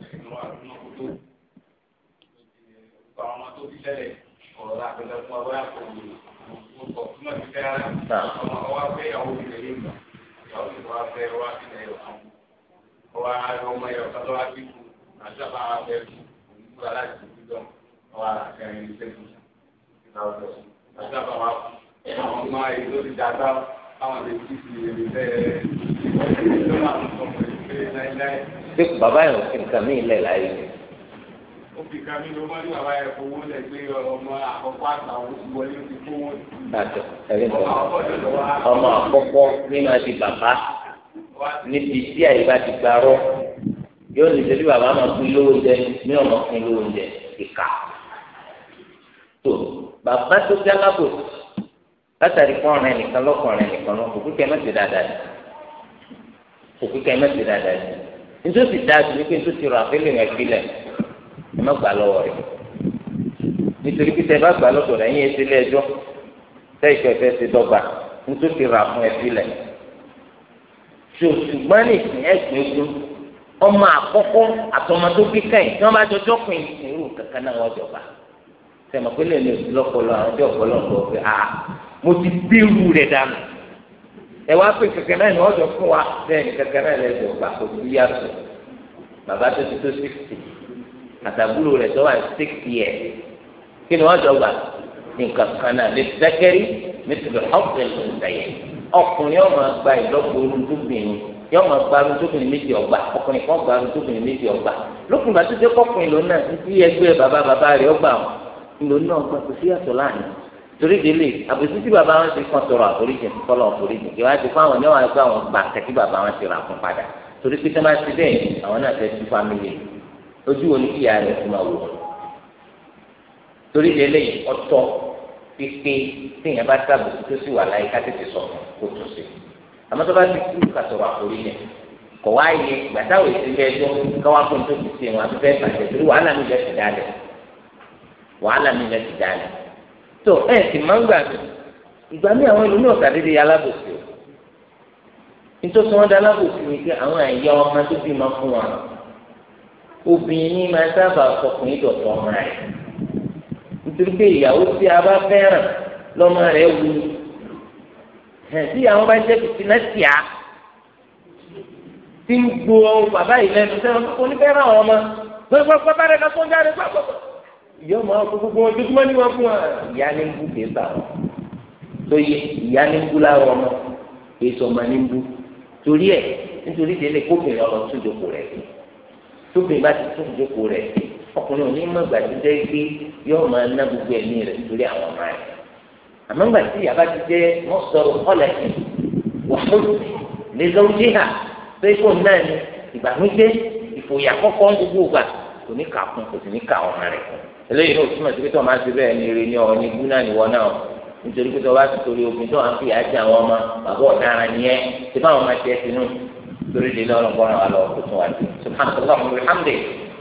Nah. ọwọ́ ọmọ ẹ̀rọ kátó wá bí fún àṣàbà abẹ́ fún onígbò aláìsí fúdọ̀m ọwọ́ àkàrin ní sẹ́fún ìdáwọ́dọ̀ àṣàbà wá fún àwọn ọmọ èyí tó ti dàgbà àwọn lè fi fi èrè bẹ́ẹ̀ tó máa ń sọ pé pé láíláí. ṣé bàbá yẹn ò fi nǹkan mí ilẹ̀ láyé ni. ó fi nǹkan mí ló mọ́ ní bàbá yẹn fowó lẹ̀ gbé ọmọ àkọ́kọ́ àgbà wọn ti wọlé ó ti fowó. ọmọ àkọ́kọ́ nínú àti bàbá níbi tí àyè bá ti gbarọ́ yóò ní sẹ́bí bàbá máa kú lówó jẹ ní ọmọ kú lówó jẹ ìka tó bàbá tó dá lábò látàrí kọ́ọ̀rọ̀ ẹnìkan lọ́kọ̀ọ̀rọ̀ ẹnìkan lọ́kọ̀ òkú kẹ́ mẹ́tì dáadáa ni òkú kẹ́ mẹ́tì dáadáa ni nítorí dáadé ni pé nítorí ti rọ àfẹ́lẹ́ yẹn gbilẹ̀ ẹ má gbà lọ́wọ́ rẹ̀ nítorí pé tẹ bá gbà lọ́tọ̀ rẹ̀ yín ẹsẹ̀ lẹ́ẹ̀jọ́ tẹ́ ìfẹ́ fẹ́ ṣe dọ́gba nítorí ti rọ àfún ẹ gbilẹ̀ o ṣùgbọ́n ní ìsìn ẹ̀sìn ogun ọmọ àkọ́kọ́ àtọmọ tó bí kẹ́yìn tí wọ́n bá jọjọ́ pin ìsìn irú kankan náà wọ́n jọba sẹ́mi pé lè lè lọ́pọ̀lọ́ àwọn tí ọ̀pọ̀lọpọ̀ pé a mo ti bírù rẹ̀ dànù ẹ wá pé kankan náà ni wọ́n jọ fún wa bẹ́ẹ̀ ni kankan náà lẹ́sẹ̀ ọ̀gbà kò sí yàtọ̀ bàbá tó ti tó sixty àtàbúrò rẹ̀ tó wà sixty yẹ kí ni wọ́n jọ gbà nǹkan kan náà ọkùnrin ọmọ gba ìlọ́po olùdókòwò yọ ma gba arúgbóbìnrin méjì ọgbà ọkùnrin kan gba arúgbóbìnrin méjì ọgbà lókùn bá títí kọkùnrin ló náà títí ẹgbẹ́ bàbá bàbá rẹ̀ ọgbà wọn ló náà gba kò sí àtọ láàyè torí délé àbòsí tí bàbá wọn ti kàn tọrọ àforíjì kọlọ àforíjì kí wọn ti fún àwọn níwọn ẹgbẹ́ àwọn gbà kẹtí bàbá wọn ti rà fún padà torí pé sọ ma ti bẹ́ẹ̀ àwọn náà fẹ́ẹ́ tú fámìlì ojú wo ni kíyà rẹ̀ fún ma wò torí délé ọ̀tọ̀ pípé téèyàn bá dábòbò tó sì wà láyé ká tètè sọ̀rọ̀ kó tó ṣe àmọ́ tó bá ti kú ká sọ̀rọ̀ àkórí yẹn kọ̀ wá yẹ gbàtàwé sílé ẹjọ́ káwá fún tó ti ṣe wọn àti fẹ́ bàjẹ́ torí wàhálà mi lẹ́ ti dálẹ̀ wàhálà mi ti tó máa ń gbà mí ìgbà mí àwọn o nítorí wọn dá alábòsí pé àwọn àyà ọmọ tó bí fún obìnrin sábà nítorí pé ìyàwó tí a bá fẹ́ràn lọ́mọ rẹ̀ wù ú tí ìyàwó bá jẹ́ fìtínà tì á tí ń gbo bàbá yìí lẹ́nu sẹ́wọ́n kó ní fẹ́ràn àwọn ọmọ gbogbo bàbá rẹ̀ lọ́sọ̀ ń jáde gbogbo ìyá ọmọ àwọn gbogbo wọn dúdúmọ́ ní wọn fún wa ìyá ní ń bú kì í bà wọn tó yẹ ìyá ní ń bú láwọn ọmọ kì sọ ọmọ ní ń bú torí ẹ nítorí délé kóbìnrin ọlọ́tún jókòó rẹ̀ tóbìnrin bá ti tún jókòó rẹ̀ sí ọkùnrin ò ní mọ ìgbà tí jẹ́ pé yóò máa ná gbogbo ẹ̀mí rẹ̀ lórí àwọn ọmọ rẹ̀ àmọ́ ìgbà tí ìyá bá ti jẹ́ wọ́n sọ̀rọ̀ kọ́lẹ̀ wàhálù lè lọ́wọ́ jí hà pé kò náà ni ìgbàgbé ìfòyà kọ́kọ́ ń gbogbo gbà kò ní kà kún kò sì ní kà ọmọ rẹ̀ eléyìí náà túmọ̀ sí pé tó máa ti bẹ́ẹ̀ ní eré ní ọ ní gbúná níwọ náà nítorí pé tó bá ti torí ogun tó à ń fi jẹ àwọn ọmọ bàbá ọ̀daràn ni ẹ ti bá àwọn ọmọ tiẹ̀ sínú torí lè lọ́rùn bọ́ràn wa lọ kó tún wá sí